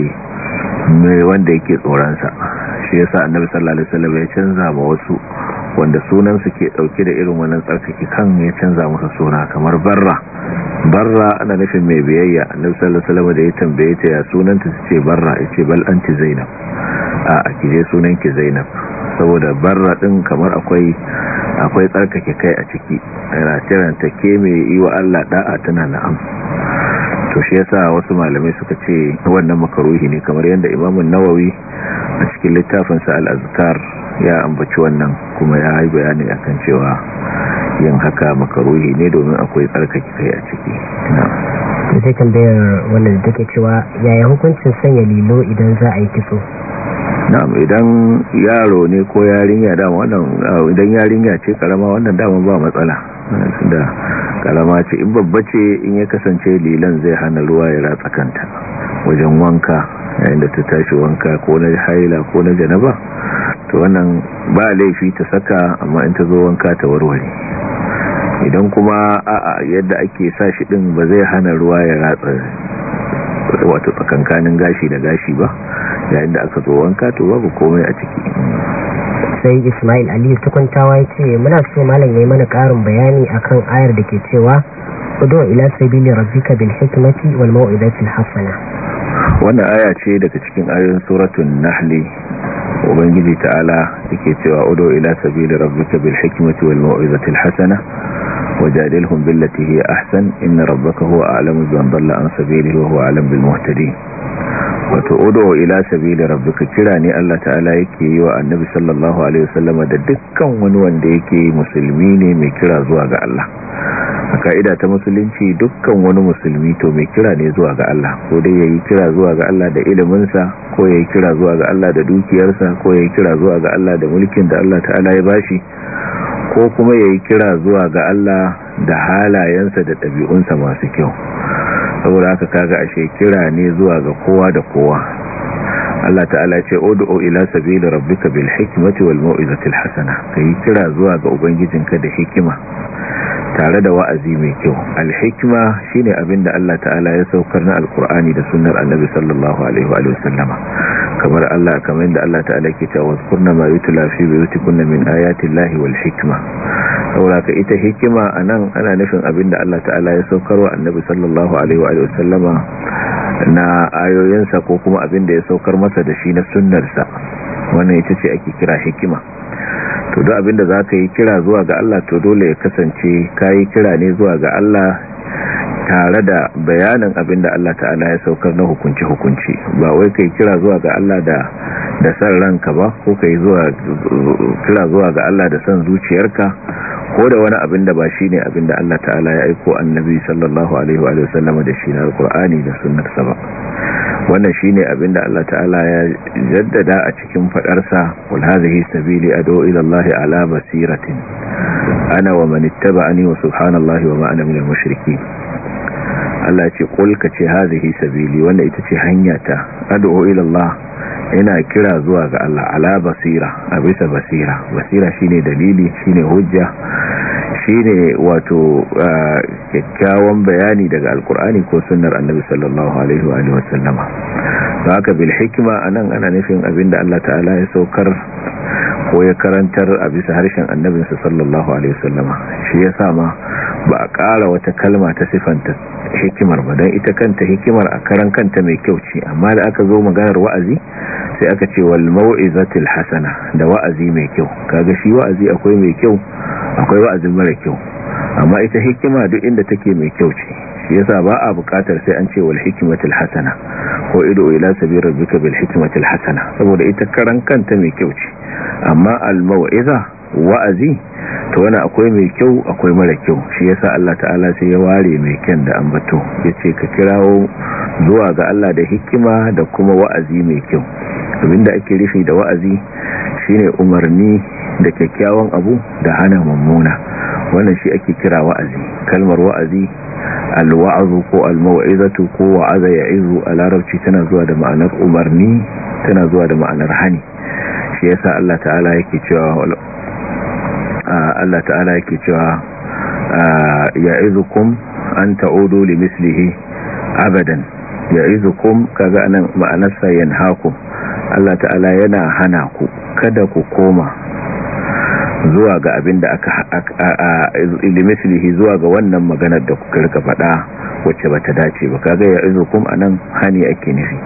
mai wanda yake tsoron sa shi yasa annabi sallallahu alaihi wasallam ya canza ma wasu wanda sunan su ke dauke da irin wannan tsarkake kan ya canza musu suna kamar barra barra ana nufin mai biyayya annabi sallallahu alaihi wasallam da ya tambaye ta ya sunanta ce barra yace bal anti zainab a kije sunanki zainab saboda barra din kamar akwai akwai tsarkake kai a ciki yana ta ke mai yi wa Allah da'a tana na'am to shi yasa wasu malamai suka ce wannan makaruhi ne kamar yadda imamun nawawi a cikin littafin sa al-azkar ya ambaci wannan kuma ya yi bayani akan cewa yin haka makaruhi ne domin akwai tsarkake kai a ciki sai tambayar wannan da take cewa yaya hukuncin sanya lilo idan za a yi kitso na'am idan yaro ne ko yarinya dama wannan ah, idan yarinya ce karama wannan dama ba matsala da karama ce in babba ce in ya kasance lilan zai hana ruwa ya ratsa kanta wajen wanka yayin da ta tashi wanka ko na haila ko na janaba to wannan ba laifi ta saka amma in ta zo wanka ta warware idan kuma a'a yadda ake sa shi din ba zai hana ruwa ya ratsa wato tsakankanin gashi da gashi ba yayin da aka zo wanka to babu komai a ciki sai ismail aliyu tukuntawa ya ce muna so malam ya yi mana karin bayani akan ayar da ke cewa udo ila sabili rabbika bil hikmati wal mau'izatil hasana wannan aya ce daga cikin ayoyin suratun nahli ubangiji ta'ala yake cewa udo ila sabili rabbika bil hikmati wal mau'izati hasana وجادلهم بالتي هي أحسن إن ربك هو أعلم بمن ضل عن سبيله وهو أعلم بالمهتدين allah إلى سبيل ربك كراني الله تعالى يكي والنبي صلى الله عليه وسلم دكا ونوان ديكي مسلميني مكرا زواغ الله ka'ida ta musulunci dukkan wani musulmi to mai kira ne zuwa ga Allah ko dai yayi kira zuwa ga Allah da iliminsa ko yayi kira zuwa ga Allah da dukiyarsa ko yayi kira zuwa ga Allah da mulkin da Allah ta'ala ya bashi ko kuma ya yi kira zuwa ga Allah da halayensa da ɗabi'unsa masu kyau saboda haka kaga ashe kira ne zuwa ga kowa da kowa Allah ta'ala ce ud'u ila sabili rabbika bil hikmati wal mau'izati al hasana kai kira zuwa ga ubangijinka da hikima tare da wa'azi mai kyau alhikima shine abin da Allah ta'ala ya saukar na alkur'ani da sunnar annabi sallallahu alaihi wa sallama kamar Allah kamar yadda Allah ta'ala yake cewa kunna ma yutla fi buyutikunna min ayati llahi wal hikma sauraka ita hikima anan ana nufin abin da Allah ta'ala ya saukar wa annabi sallallahu alaihi wa sallama na ayoyinsa ko kuma abin da ya saukar masa da shi na sunnarsa wannan ita ce ake kira hikima to duk abinda za ka yi kira zuwa ga Allah to dole ya kasance ka yi kira ne zuwa ga Allah tare da bayanin abinda Allah ta'ala ya saukar na hukunci-hukunci ba wai yi kira zuwa ga Allah da san ranka ba ko ka zuwa kira zuwa ga Allah da san zuciyarka ko da wani abin da ba shi ne abin da Allah ta'ala ya aiko annabi sallallahu alaihi wa sallam da shi na alkur'ani da sunnarsa ba wannan shi ne abin da Allah ta'ala ya jaddada a cikin faɗarsa, wal hadhihi sabili ad'u ila Allah ala basiratin ana wa man ittaba'ani wa subhanallahi wa ma ana minal mushrikeen Allah ya ce qul ka ce hadhihi sabili wannan ita ce hanya ad'u ila ilallah. yana kira zuwa ga Allah ala basira a bisa basira basira shine dalili shine hujja shine wato kyakkyawan bayani daga alkur'ani ko sunnar annabi sallallahu alaihi wa alihi wasallama don haka bil hikima anan ana nufin abinda Allah ta'ala ya saukar ko ya karantar a bisa harshen annabinsa sallallahu alaihi wasallama shi yasa ma ba a ƙara wata kalma ta siffanta hikimar ba don ita kanta hikimar a karan kanta mai kyau ce amma da aka zo maganar wa'azi sai aka ce wal mau'izatil hasana da wa'azi mai kyau kaga shi wa'azi akwai mai kyau akwai wa'azin mara kyau amma ita hikima duk inda take mai kyau ce shi yasa ba a buƙatar sai an ce wal hikimatil hasana ko ido ila sabir rabbika bil hasana saboda ita karan kanta mai kyau ce amma al wa'azi to wani akwai mai kyau akwai mara kyau shi yasa Allah ta'ala sai ya ware mai kyan da ambato yace ka kirawo zuwa ga Allah da hikima da kuma wa'azi mai kyau abinda ake rufi da wa'azi shine umarni da kyakkyawan abu da hana mummuna wannan shi ake kira wa'azi kalmar wa'azi alwa'azu ko almaw'izatu ko wa'aza ya'izu a larabci tana zuwa da ma'anar umarni tana zuwa da ma'anar hani shi yasa Allah ta'ala yake cewa Allah ta'ala yake cewa ya'izukum an ta'udu li mislihi abadan ya'izukum kaga anan ma'anarsa haku Allah ta'ala yana hana ku kada ku koma zuwa ga abin da aka limislihi zuwa ga wannan maganar da kuka rika faɗa wacce ba ta dace ba kaga ya izukum anan hani ake nufi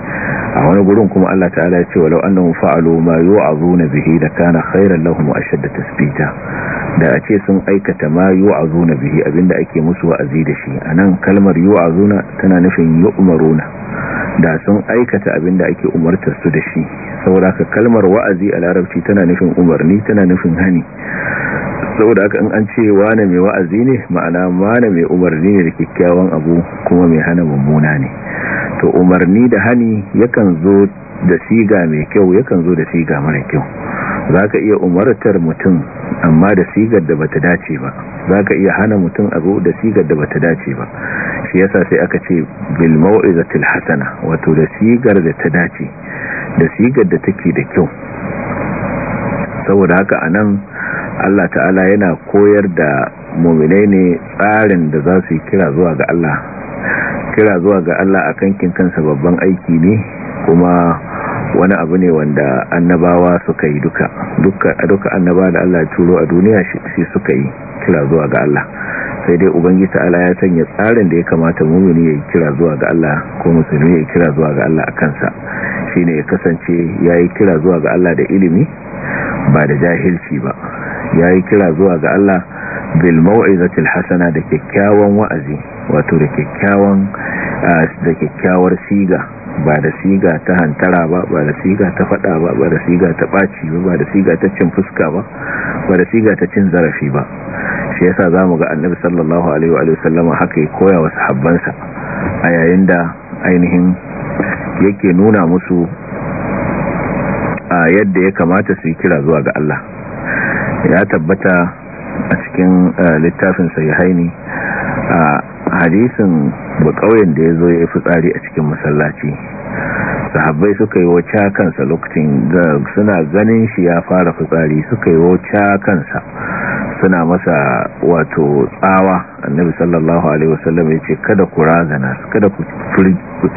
a wani gurin kuma Allah ta'ala ya ce walau annahum fa'alu ma yu'azuna bihi da kana khairan lahum ashadda tasbita da a ce sun aikata ma yu'azuna bihi abinda ake musu wa'azi da shi anan kalmar yu'azuna tana nufin yu'maruna da sun aikata abinda ake umartar su da shi saboda kalmar wa'azi a larabci tana nufin umarni tana nufin hani saboda haka in an ce wane mai wa'azi ne ma'ana wane mai umarni ne da kyakkyawan abu kuma mai hana mummuna ne to umarni da hani yakan zo da siga mai kyau yakan zo da siga mara kyau za ka iya umartar mutum amma da sigar da bata dace ba za ka iya hana mutum abu da sigar da bata dace ba shi yasa sai aka ce bil da tilhasana wato da sigar da ta dace da sigar da take da kyau saboda haka anan Allah ta'ala yana koyar da muminai ne tsarin da za su yi kira zuwa ga Allah kira zuwa ga Allah a kankin kansa babban aiki ne kuma wani abu ne wanda annabawa suka yi duka duka annaba da Allah ya turo a duniya shi suka yi kira zuwa ga Allah sai dai Ubangi ta'ala ya sanya tsarin da ya kamata mumini ya yi kira zuwa ga Allah ko musulmi ya kira zuwa ga Allah a kansa Shi ne ya kasance ya yi kira zuwa ga Allah da ilimi ba da jahilci ba ya yi kira zuwa ga Allah bil mau'izatil hasana da kyakkyawan wa'azi wato da kyakkyawar siga ba da siga ta hantara ba ba da siga ta fada ba ba da siga ta baci ba da siga ta cin fuska ba ba da siga ta cin zarafi ba shi yasa zamu ga annabi sallallahu alaihi wa sallama haka ya koya wa sahabbansa a yayin da ainihin yake nuna musu a yadda ya kamata su yi kira zuwa ga Allah ya tabbata a cikin eh, littafin sahihaini a hadisin ba kauyen da ya zo ya fitsari a cikin masallaci sahabbai suka yi wacce kansa lokacin suna ganin shi ya fara fitsari suka yi wacce kansa suna masa wato tsawa annabi sallallahu alaihi wasallam ya ce kada ku razana kada ku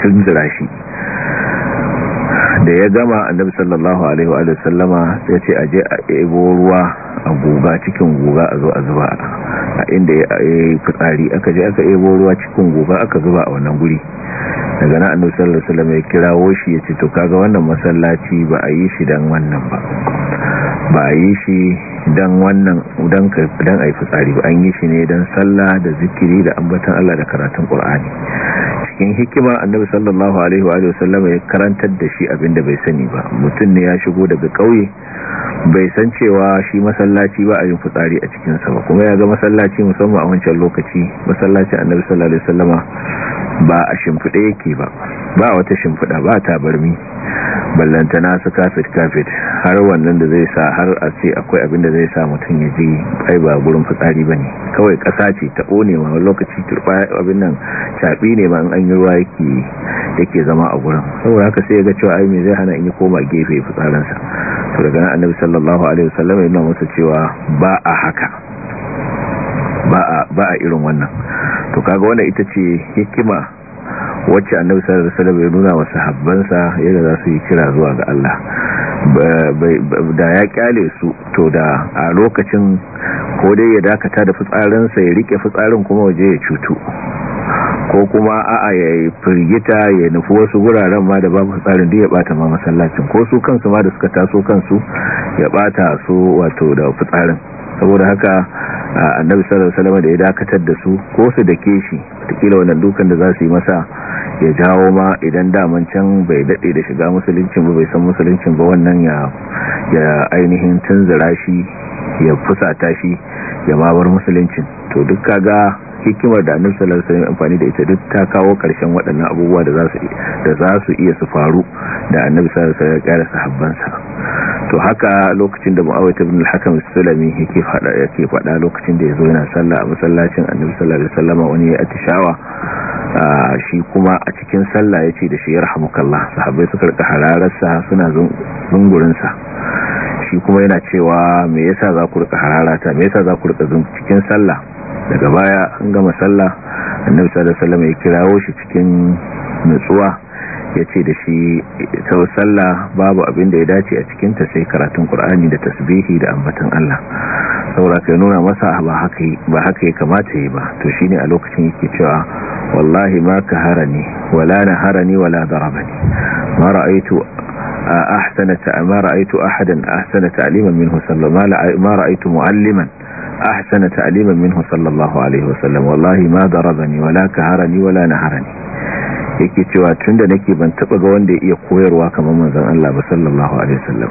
tunzura shi da ya gama annabi sallallahu alaihi wa sallama sai ce aje a ebo ruwa a guga cikin guga a zo a zuba a inda ya fitsari aka je aka ebo ruwa cikin guga aka zuba a wannan guri daga na annabi sallallahu alaihi wa sallama ya kirawo shi ya ce to kaga wannan masallaci ba a yi shi dan wannan ba ba a yi shi don wannan don a yi fitsari ba an yi shi ne don sallah da zikiri da ambatan Allah da karatun ƙul'ani cikin hikima annabi sallallahu alaihi wa sallam ya karantar da shi abinda bai sani ba mutum ne ya shigo daga ƙauye bai san cewa shi masallaci ba a yin fitsari a cikinsa ba kuma ya ga masallaci musamman a wancan lokaci masallaci annabi sallallahu alaihi wasallama ba a shimfida yake ba ba wata shimfida ba tabarmi na su kafet kafet har wannan da zai sa har a ce akwai abin da zai sa mutum ya je kai ba gurin fitsari ba ne kawai ƙasa ce ta ƙone ma lokaci turba abin nan caɓi ne ma in an yi ruwa yake yake zama a gurin saboda haka sai ya ga cewa ai me zai hana in yi koma gefe fitsarinsa to daga nan annabi sallallahu alaihi wasallam yana masa cewa ba a haka ba a irin wannan to kaga wannan ita ce hikima wacce annabi sallallahu alaihi wasallam ya nuna wa sahabbansa yadda za su yi kira zuwa ga Allah da ya kyale su to da a lokacin ko dai ya dakata da fitsarinsa ya rike fitsarin kuma waje ya cutu ko kuma a'a ya yi firgita ya nufi wasu wuraren ma da babu tsarin da ya bata ma masallacin ko su kansu ma da suka taso kansu ya bata su wato da fitsarin saboda haka annabi sallallahu alaihi da ya dakatar da su ko su da dake shi kila wannan dukan da za su yi masa ya jawo ma idan daman can bai dade da shiga musuluncin ba bai san musuluncin ba wannan ya ya ainihin tunzura shi ya fusata shi ya ma bar musuluncin to duk kaga hikimar da annabi sallallahu alaihi amfani da ita duk ta kawo karshen waɗannan abubuwa da za su da za su iya su faru da annabi sallallahu alaihi wasallam ya sahabbansa to haka lokacin da mu'awiyah ibn al-hakam as-sulami yake fada yake fada lokacin da yazo yana sallah a masallacin annabi sallallahu alaihi wasallam wani ya atishawa shi kuma a cikin sallah yace da shi yarhamukallah sahabbai suka rika sa suna zungurin sa shi kuma yana cewa me yasa za ku rika hararata me yasa za ku rika zungurin cikin sallah daga baya an gama sallah annabi sallallahu alaihi wasallam ya kirawo shi cikin nutsuwa ya ce da shi sau sallah babu abin da ya dace a ta sai karatun ƙur'ani da tasbihi da ambatan Allah saura kai nuna masa ba haka ya kamata yi ba to shine a lokacin yake cewa wallahi ma ka harani wala na harani wala darabani ma ra'aitu ahsana ma ahadan ahsana ta'liman minhu sallallahu ma mu'alliman ahsana منه minhu sallallahu alaihi وسلم wallahi ma ضربني wala كهرني wala نهرني yake cewa tunda nake ban taba ga wanda ya iya koyarwa kamar manzon Allah ba sallallahu alaihi wasallam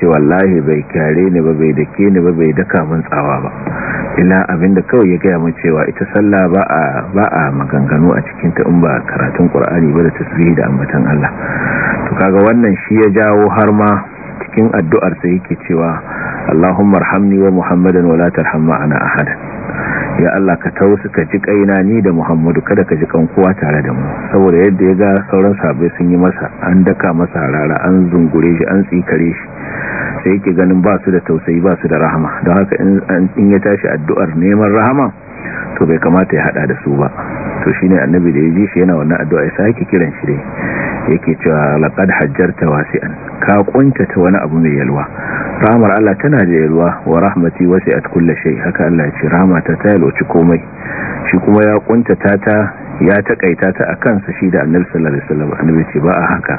ce wallahi bai kare ni ba bai dake ni ba bai daka mun tsawa ba ila abinda kawai ya gaya mu cewa ita sallah ba a ba a maganganu a cikin ta in ba karatun Qur'ani ba da tasbihi da ambatan Allah to kaga wannan shi ya jawo har ma cikin addu'ar sa yake cewa Allahumma arhamni wa Muhammadan wa la tarham ma'ana ya Allah ka tausu ka ji kaina ni da Muhammadu kada ka ji kankuwa tare da mu saboda yadda ya ga sauran sahabbai sun yi masa an daka masa harara an zungure shi an tsikare shi sai yake ganin ba su da tausayi ba su da rahama don haka in ya tashi addu'ar neman rahama to bai kamata ya hada da su ba to shine annabi da ya ji shi yana wannan addu'a ya sake kiran shi dai yake cewa laqad hajjarta wasi'an ka kuntata wani abu mai yalwa rahmar Allah tana da yalwa wa rahmati wasi'at kulli shay haka Allah ya ce rahmata ta yalwaci komai shi kuma ya kuntata ta ya takaita ta akan sa shi da Annabi sallallahu alaihi wasallam annabi ce ba a haka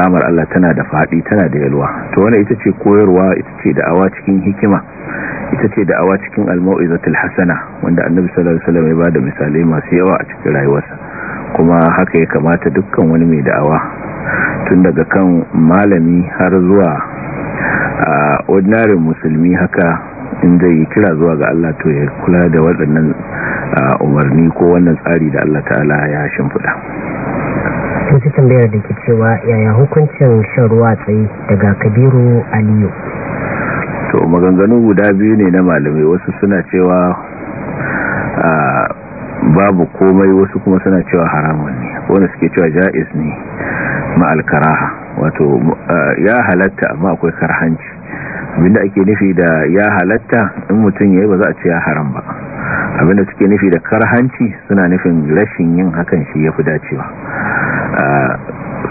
rahmar Allah tana da fadi tana da yalwa to wannan ita ce koyarwa ita ce awa cikin hikima ita ce awa cikin al-mau'izatul hasana wanda Annabi sallallahu alaihi wasallam ya bada misalai masu yawa a cikin rayuwarsa kuma haka ya kamata dukkan wani mai da'awa tun daga kan malami har zuwa a ordinary musulmi haka in zai yi kira zuwa ga Allah to ya kula da waɗannan umarni ko wannan tsari da Allah ta'ala ya shimfiɗa. wata tambayar da ke cewa yaya hukuncin shan ruwa tsaye daga kabiru aliyu to maganganu guda biyu ne na malamai wasu suna cewa babu komai wasu kuma suna cewa haramun ne wanda suke cewa ja'iz ne ma'al karaha wato ya halatta amma akwai karhanci abinda ake nufi da ya halatta in mutum ya yi ba za a ce ya haram ba abinda suke nufi da karhanci suna nufin rashin yin hakan shi ya fi dacewa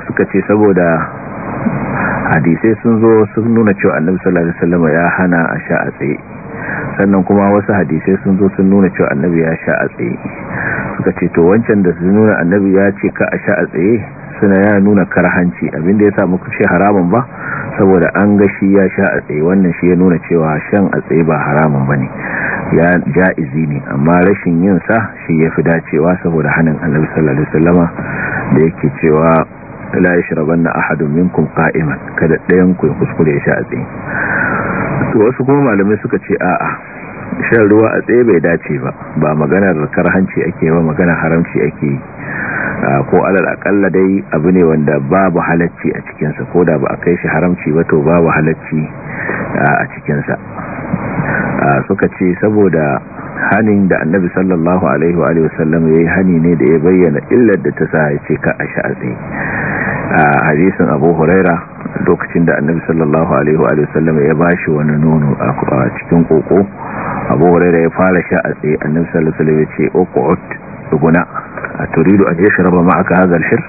suka ce saboda hadisai sun zo sun nuna cewa annabi sallallahu alaihi wasallam ya hana a sha a tsaye sannan kuma wasu hadisai sun zo sun nuna cewa annabi ya sha a tsaye suka ce to wancan da su nuna annabi ya ce ka a sha a tsaye suna ya nuna karhanci abinda ya sa muku ce haramun ba saboda an ga shi ya sha a tsaye wannan shi ya nuna cewa shan a tsaye ba haramun ba ne ya ja'izi ne amma rashin yin sa shi ya fi dacewa saboda hannun annabi sallallahu alaihi wasallama da yake cewa la yashrabanna ahadun minkum qa'iman kada ɗayan ku kuskure ya sha a tsaye to wasu kuma malamai suka ce a'a shan ruwa a tsaye bai dace ba ba maganar karhanci ake ba maganar haramci ake yi ko alal akalla dai abu ne wanda babu halacci a cikinsa ko da ba a kai shi haramci ba to babu halacci a cikinsa suka ce saboda hanin da annabi sallallahu alaihi wa sallam ya yi hani ne da ya bayyana illar da ta sa ya ce ka a sha'azi a hadisin abu huraira lokacin da annabi sallallahu alaihi wa sallam ya bashi wani nono a cikin koko abu huraira ya fara sha a tsaye annabi sallallahu alaihi wasallam ya ce ot duguna a a jeshi raba ma'aka hadha al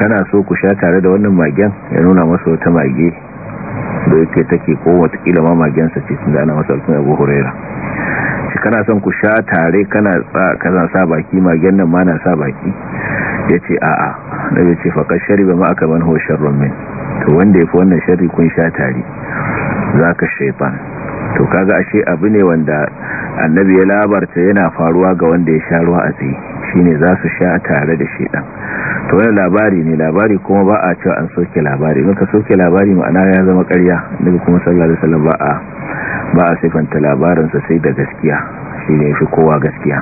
kana so ku sha tare da wannan magen ya nuna masa wata mage da yake take ko wata magensa ma magen da ce ana masa alfin abu huraira kana son ku sha tare kana kana sa baki magen nan ma na sa baki ya ce a'a da ce fa shari ba ma aka man ho sharrun to wanda ya fi wannan shari kun sha tare ka shaifan to kaga ashe abu ne wanda annabi ya labarta yana faruwa ga wanda ya sha ruwa a tsaye shine za su sha tare da shi dan to wani labari ne labari kuma ba a cewa an soke labari maka soke labari ma'ana ya zama karya daga kuma sallallahu alaihi ba a ba a sifanta labarinsa sai da gaskiya shi ne fi kowa gaskiya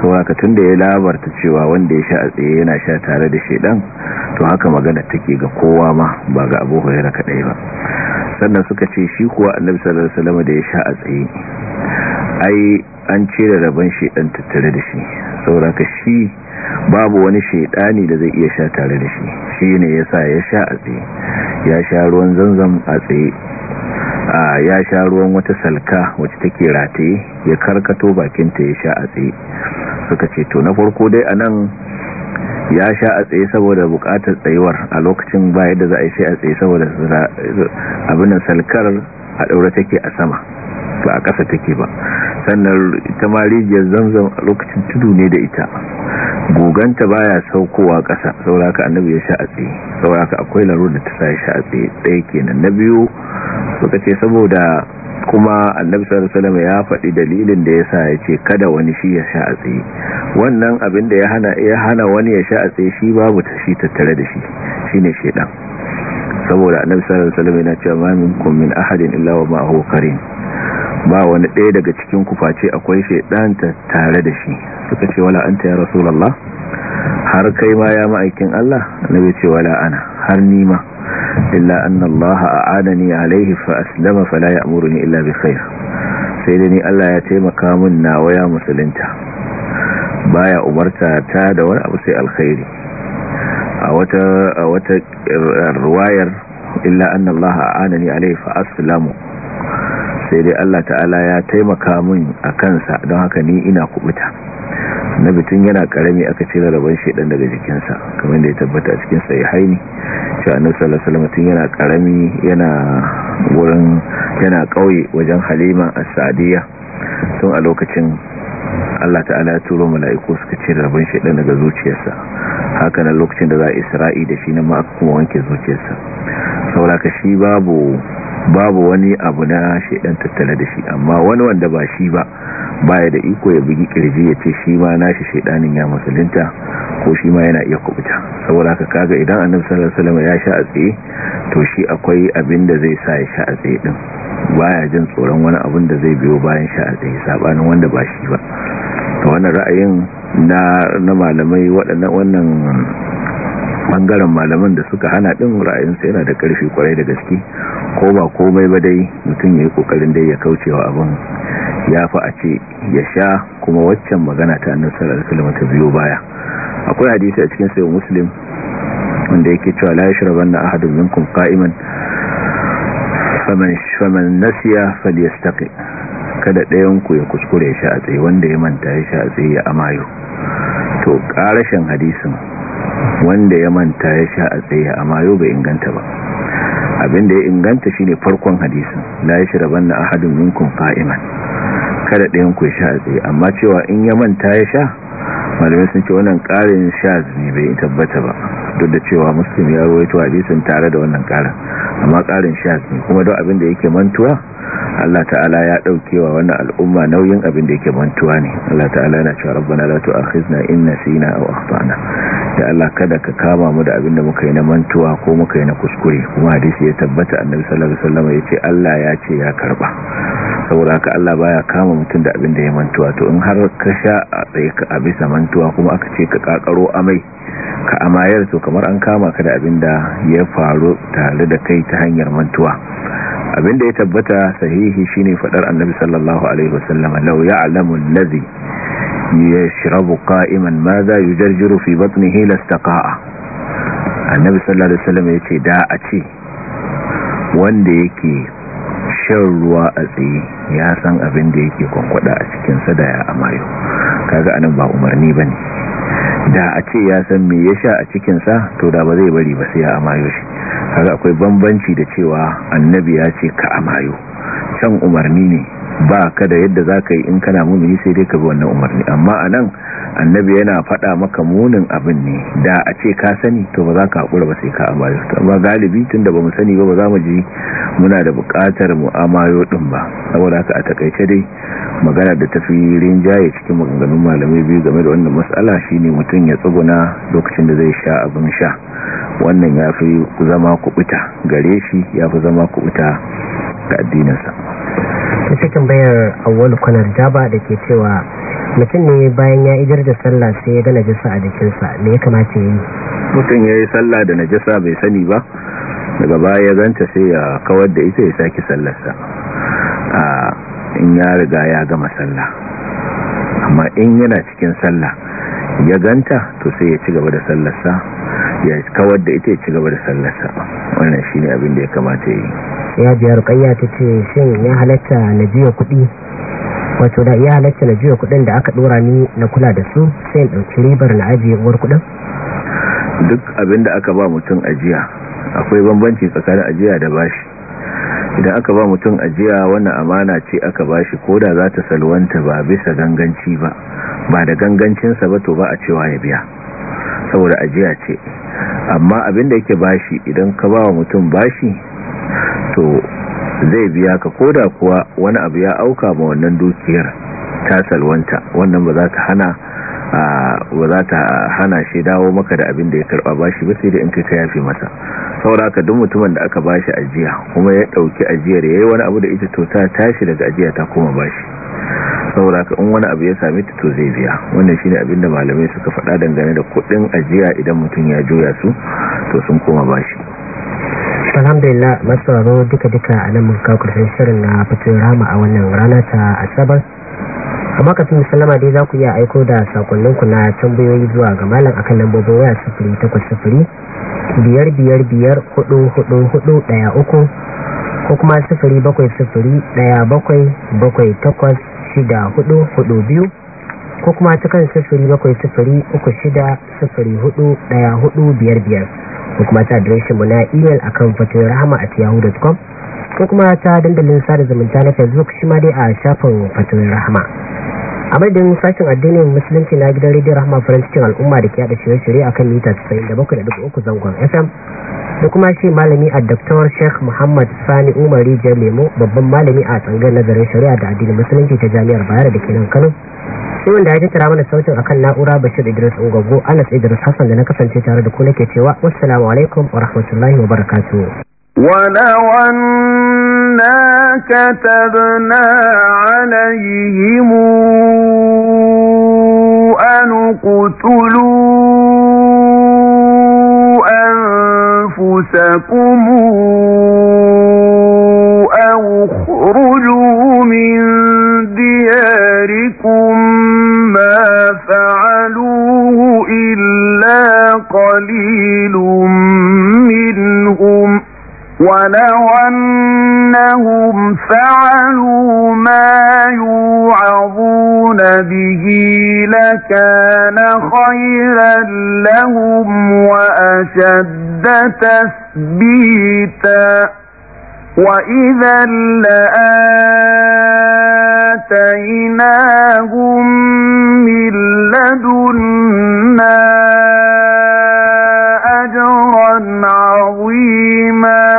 sauraka tun da ya labarta cewa wanda ya sha a tsaye yana sha tare da shaidan to haka magana take ga kowa ma ba ga abu hurairar kaɗai ba sannan suka ce shi kuwa annabi sallallahu da ya sha a tsaye ai an cire rabon shaidan tattare da shi sauraka shi babu wani shaidani da zai iya sha tare da shi shi ne ya sa ya sha a tsaye ya sha ruwan zanzam a tsaye ya sha ruwan wata salka wacce take rataye ya karkato bakinta ya sha a tsaye suka ce to na farko dai a nan ya sha a tsaye saboda bukatar tsayuwar a lokacin ba yadda za a yi sai a tsaye saboda abinan salkar a daura take a sama ba a ƙasa take ba sannan ita ma rijiyar zamzam a lokacin tudu ne da ita goganta baya saukowa kasa sauraka annabi ya sha a tsaye sauraka akwai laro da ta sa ya sha a tsaye ɗaya kenan na biyu suka ce saboda kuma annabi sallallahu alaihi ya faɗi dalilin da ya sa ya ce kada wani shi ya sha tsaye wannan abin da ya hana wani ya sha tsaye shi babu tashi tattare da shi shine shaiɗan saboda annabi sallallahu alaihi yana cewa ma minkum min ahadin illa wa ma huwa ba wani ɗaya daga cikin kuface akwai shaidan tare da shi suka ce wala anta ya rasulullah har kai ma ya ma'aikin Allah nabi ce wala ana har ni ma illa anna Allah a'anani alaihi fa aslama fala ya'muruni illa bi khair sai dai ni Allah ya taimaka min nawa ya musulunta baya umarta ta da wani abu sai alkhairi a wata a wata riwayar illa anna Allah a'anani alaihi fa sai dai Allah ta'ala ya taimaka min a kansa don haka ni ina kubuta na bitin yana karami aka cire rabon shedan daga jikinsa kamar da ya tabbata cikin sai haini cewa annabi sallallahu alaihi wasallam yana karami yana wurin yana kauye wajen halima a sadiya tun a lokacin Allah ta'ala ya turo mala'iku suka cire rabon shedan daga zuciyarsa haka lokacin da za a isra'i da shi na ma kuma wanke zuciyarsa saboda shi babu babu wani abu na shaidan tattale da shi amma wani wanda ba shi ba baya da iko ya bugi kirji ya ce shi ma nashi shaidanin ya musulunta ko shi ma yana iya kubuta saboda haka kaga idan annabi sallallahu alaihi wasallam ya sha a tsaye to shi akwai abin da zai sa ya sha a tsaye din baya jin tsoron wani abin da zai biyo bayan sha a tsaye sabanin wanda ba shi ba to wannan ra'ayin na na malamai waɗannan wannan bangaren malaman da suka hana din ra'ayinsa yana da karfi kwarai da gaske ko ba komai ba dai mutum ya yi kokarin dai ya kaucewa abin ya fi a ce ya sha kuma waccan magana ta annabi sallallahu alaihi wasallam ta biyo baya akwai hadisi a cikin sahih muslim wanda yake cewa la yashrabanna ahadun minkum qa'iman faman nasiya falyastaqi kada ɗayan ku ya kuskure ya sha a tsaye wanda ya manta ya sha a tsaye ya amayo to ƙarashin hadisin wanda ya manta ya sha a tsaye amma yau bai inganta ba abinda ya inganta shine farkon hadisin la na ahadin minkum fa'iman kada ɗayan ku sha a tsaye amma cewa in ya manta ya sha malamai sun ce wannan ƙarin sha ne bai tabbata ba duk da cewa muslim ya rawaito hadisin tare da wannan ƙarin amma ƙarin sha kuma don abin da yake mantuwa Allah ta'ala ya ɗaukewa wannan al'umma nauyin abin da yake mantuwa ne Allah ta'ala yana cewa rabbana la tu'akhizna in nasina aw akhtana da Allah kada ka kama mu da abin da muka yi na mantuwa ko muka yi na kuskure kuma hadisi ya tabbata annabi sallallahu alaihi wasallam yace Allah ya ce ya karba saboda haka Allah baya kama mutum da abin da ya mantuwa to in har ka sha a tsaye ka abisa mantuwa kuma aka ce ka kakaro amai ka amayar to kamar an kama ka da abin da ya faru tare da kai ta hanyar mantuwa abinda ya tabbata sahihi shine fadar annabi sallallahu alaihi wasallam law ya'lamu allazi yashrabu qa'iman ma za yujarjiru fi batnihi lastaqa'a annabi sallallahu alaihi wasallam yace da a ce wanda yake shan ruwa a tsaye ya san abin da yake kwankwada a cikin sada ya amayo kaga anan ba umarni bane da a ce ya san me ya sha a cikinsa to da ba zai bari ba sai ya amayo shi kaga akwai bambanci da cewa annabi ya ce ka amayo can umarni ne ba ka da yadda za ka yi in kana mumini sai dai ka bi wannan umarni amma a nan annabi yana faɗa maka munin abin ne da a ce ka sani to ba za ka haƙura ba sai ka amayo amma galibi tun da ba mu sani ba ba za mu ji muna da buƙatar mu amayo ɗin ba saboda haka a takaice dai magana da tafi rinjaye cikin maganganun malamai biyu game da wannan matsala shine mutum ya tsuguna lokacin da zai sha abin sha wannan ya fi zama kuɓuta gare shi ya fi zama kuɓuta ga addininsa ta cikin bayar awon kwanar jaba da ke cewa mutum ne bayan ya idar da sallah sai ya gana najasa a jikinsa me ya kamata yi mutum ya yi sallah da najasa bai sani ba daga baya ya zanta sai ya kawar da ita ya sake sallarsa in ya riga ya gama sallah amma in yana cikin sallah ya ganta to sai ya ci gaba da sallarsa ya kawar da ita ya ci gaba da sallarsa wannan shi ne abin da ya kamata ya yi ya biya rukayya ta ce shin ya halatta na jiya kudi wato da ya halatta na jiya kuɗin da aka ɗora ni na kula da su sai ɗauki ribar na ajiye uwar kuɗin duk abin da aka ba mutum ajiya akwai bambanci tsakanin ajiya da bashi idan aka ba mutum ajiya wannan amana ce aka bashi ko da za ta salwanta ba bisa ganganci ba ba da gangancinsa ba to ba a cewa ya biya saboda ajiya ce amma abin da yake bashi idan ka ba wa mutum bashi to zai biya ka koda kuwa wani abu ya auka ma wannan dukiyar ta wannan ba za ta hana ba za ta hana shi dawo maka da abin da ya karba bashi ba sai da in kai ka yafe masa saboda haka duk mutumin da aka bashi ajiya kuma ya dauki ajiyar yayi wani abu da ita to ta tashi daga ajiya ta koma bashi saboda haka in wani abu ya same ta to zai biya wannan shine abin da malamai suka faɗa dangane da kuɗin ajiya idan mutum ya juya su to sun koma bashi alhamdulillah masu duka-duka a nan muka kurshen shirin na fitin rama a wannan rana ta asabar a makasin salama dai za ku iya aiko da sakonninku na tambayoyi zuwa ga malam akan lambobin waya sufuri takwas sufuri biyar biyar biyar hudu hudu hudu daya uku ko kuma sufuri bakwai sufuri daya bakwai bakwai takwas shida hudu hudu biyu ko kuma cikin sufuri bakwai sufuri uku shida sufuri hudu daya hudu biyar biyar ko kuma ta adireshin mu na email akan fatin rahama a yahoo.com ko kuma ta dandalin sada zumunta na facebook shi ma dai a shafin fatin rahama a madadin sashen addinin musulunci na gidan rediyon rahama farin al'umma da ke yada shirye-shirye akan mita 97.3 zangon fm da kuma shi malami a Daktar Sheikh Muhammad Sani Umar Rijiyar Lemo babban malami a tsangar nazarin shari'a da addinin musulunci ta jami'ar Bayar da ke nan Kano shi wanda ya kira mana sautin akan na'ura Bashir Idris Ungogo Anas Idris Hassan da na kasance tare da ku nake cewa wassalamu alaikum wa rahmatullahi wa barakatuh ولو أنا كتبنا عليهم أن اقتلوا أنفسكم أو اخرجوا من دياركم فعلوه إلا قليل منهم ولو أنهم فعلوا ما يوعظون به لكان خيرا لهم وأشد تثبيتاً وإذا لآتيناهم من لدنا أجرا عظيما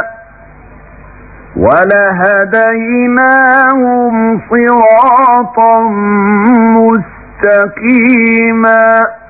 ولهديناهم صراطا مستقيما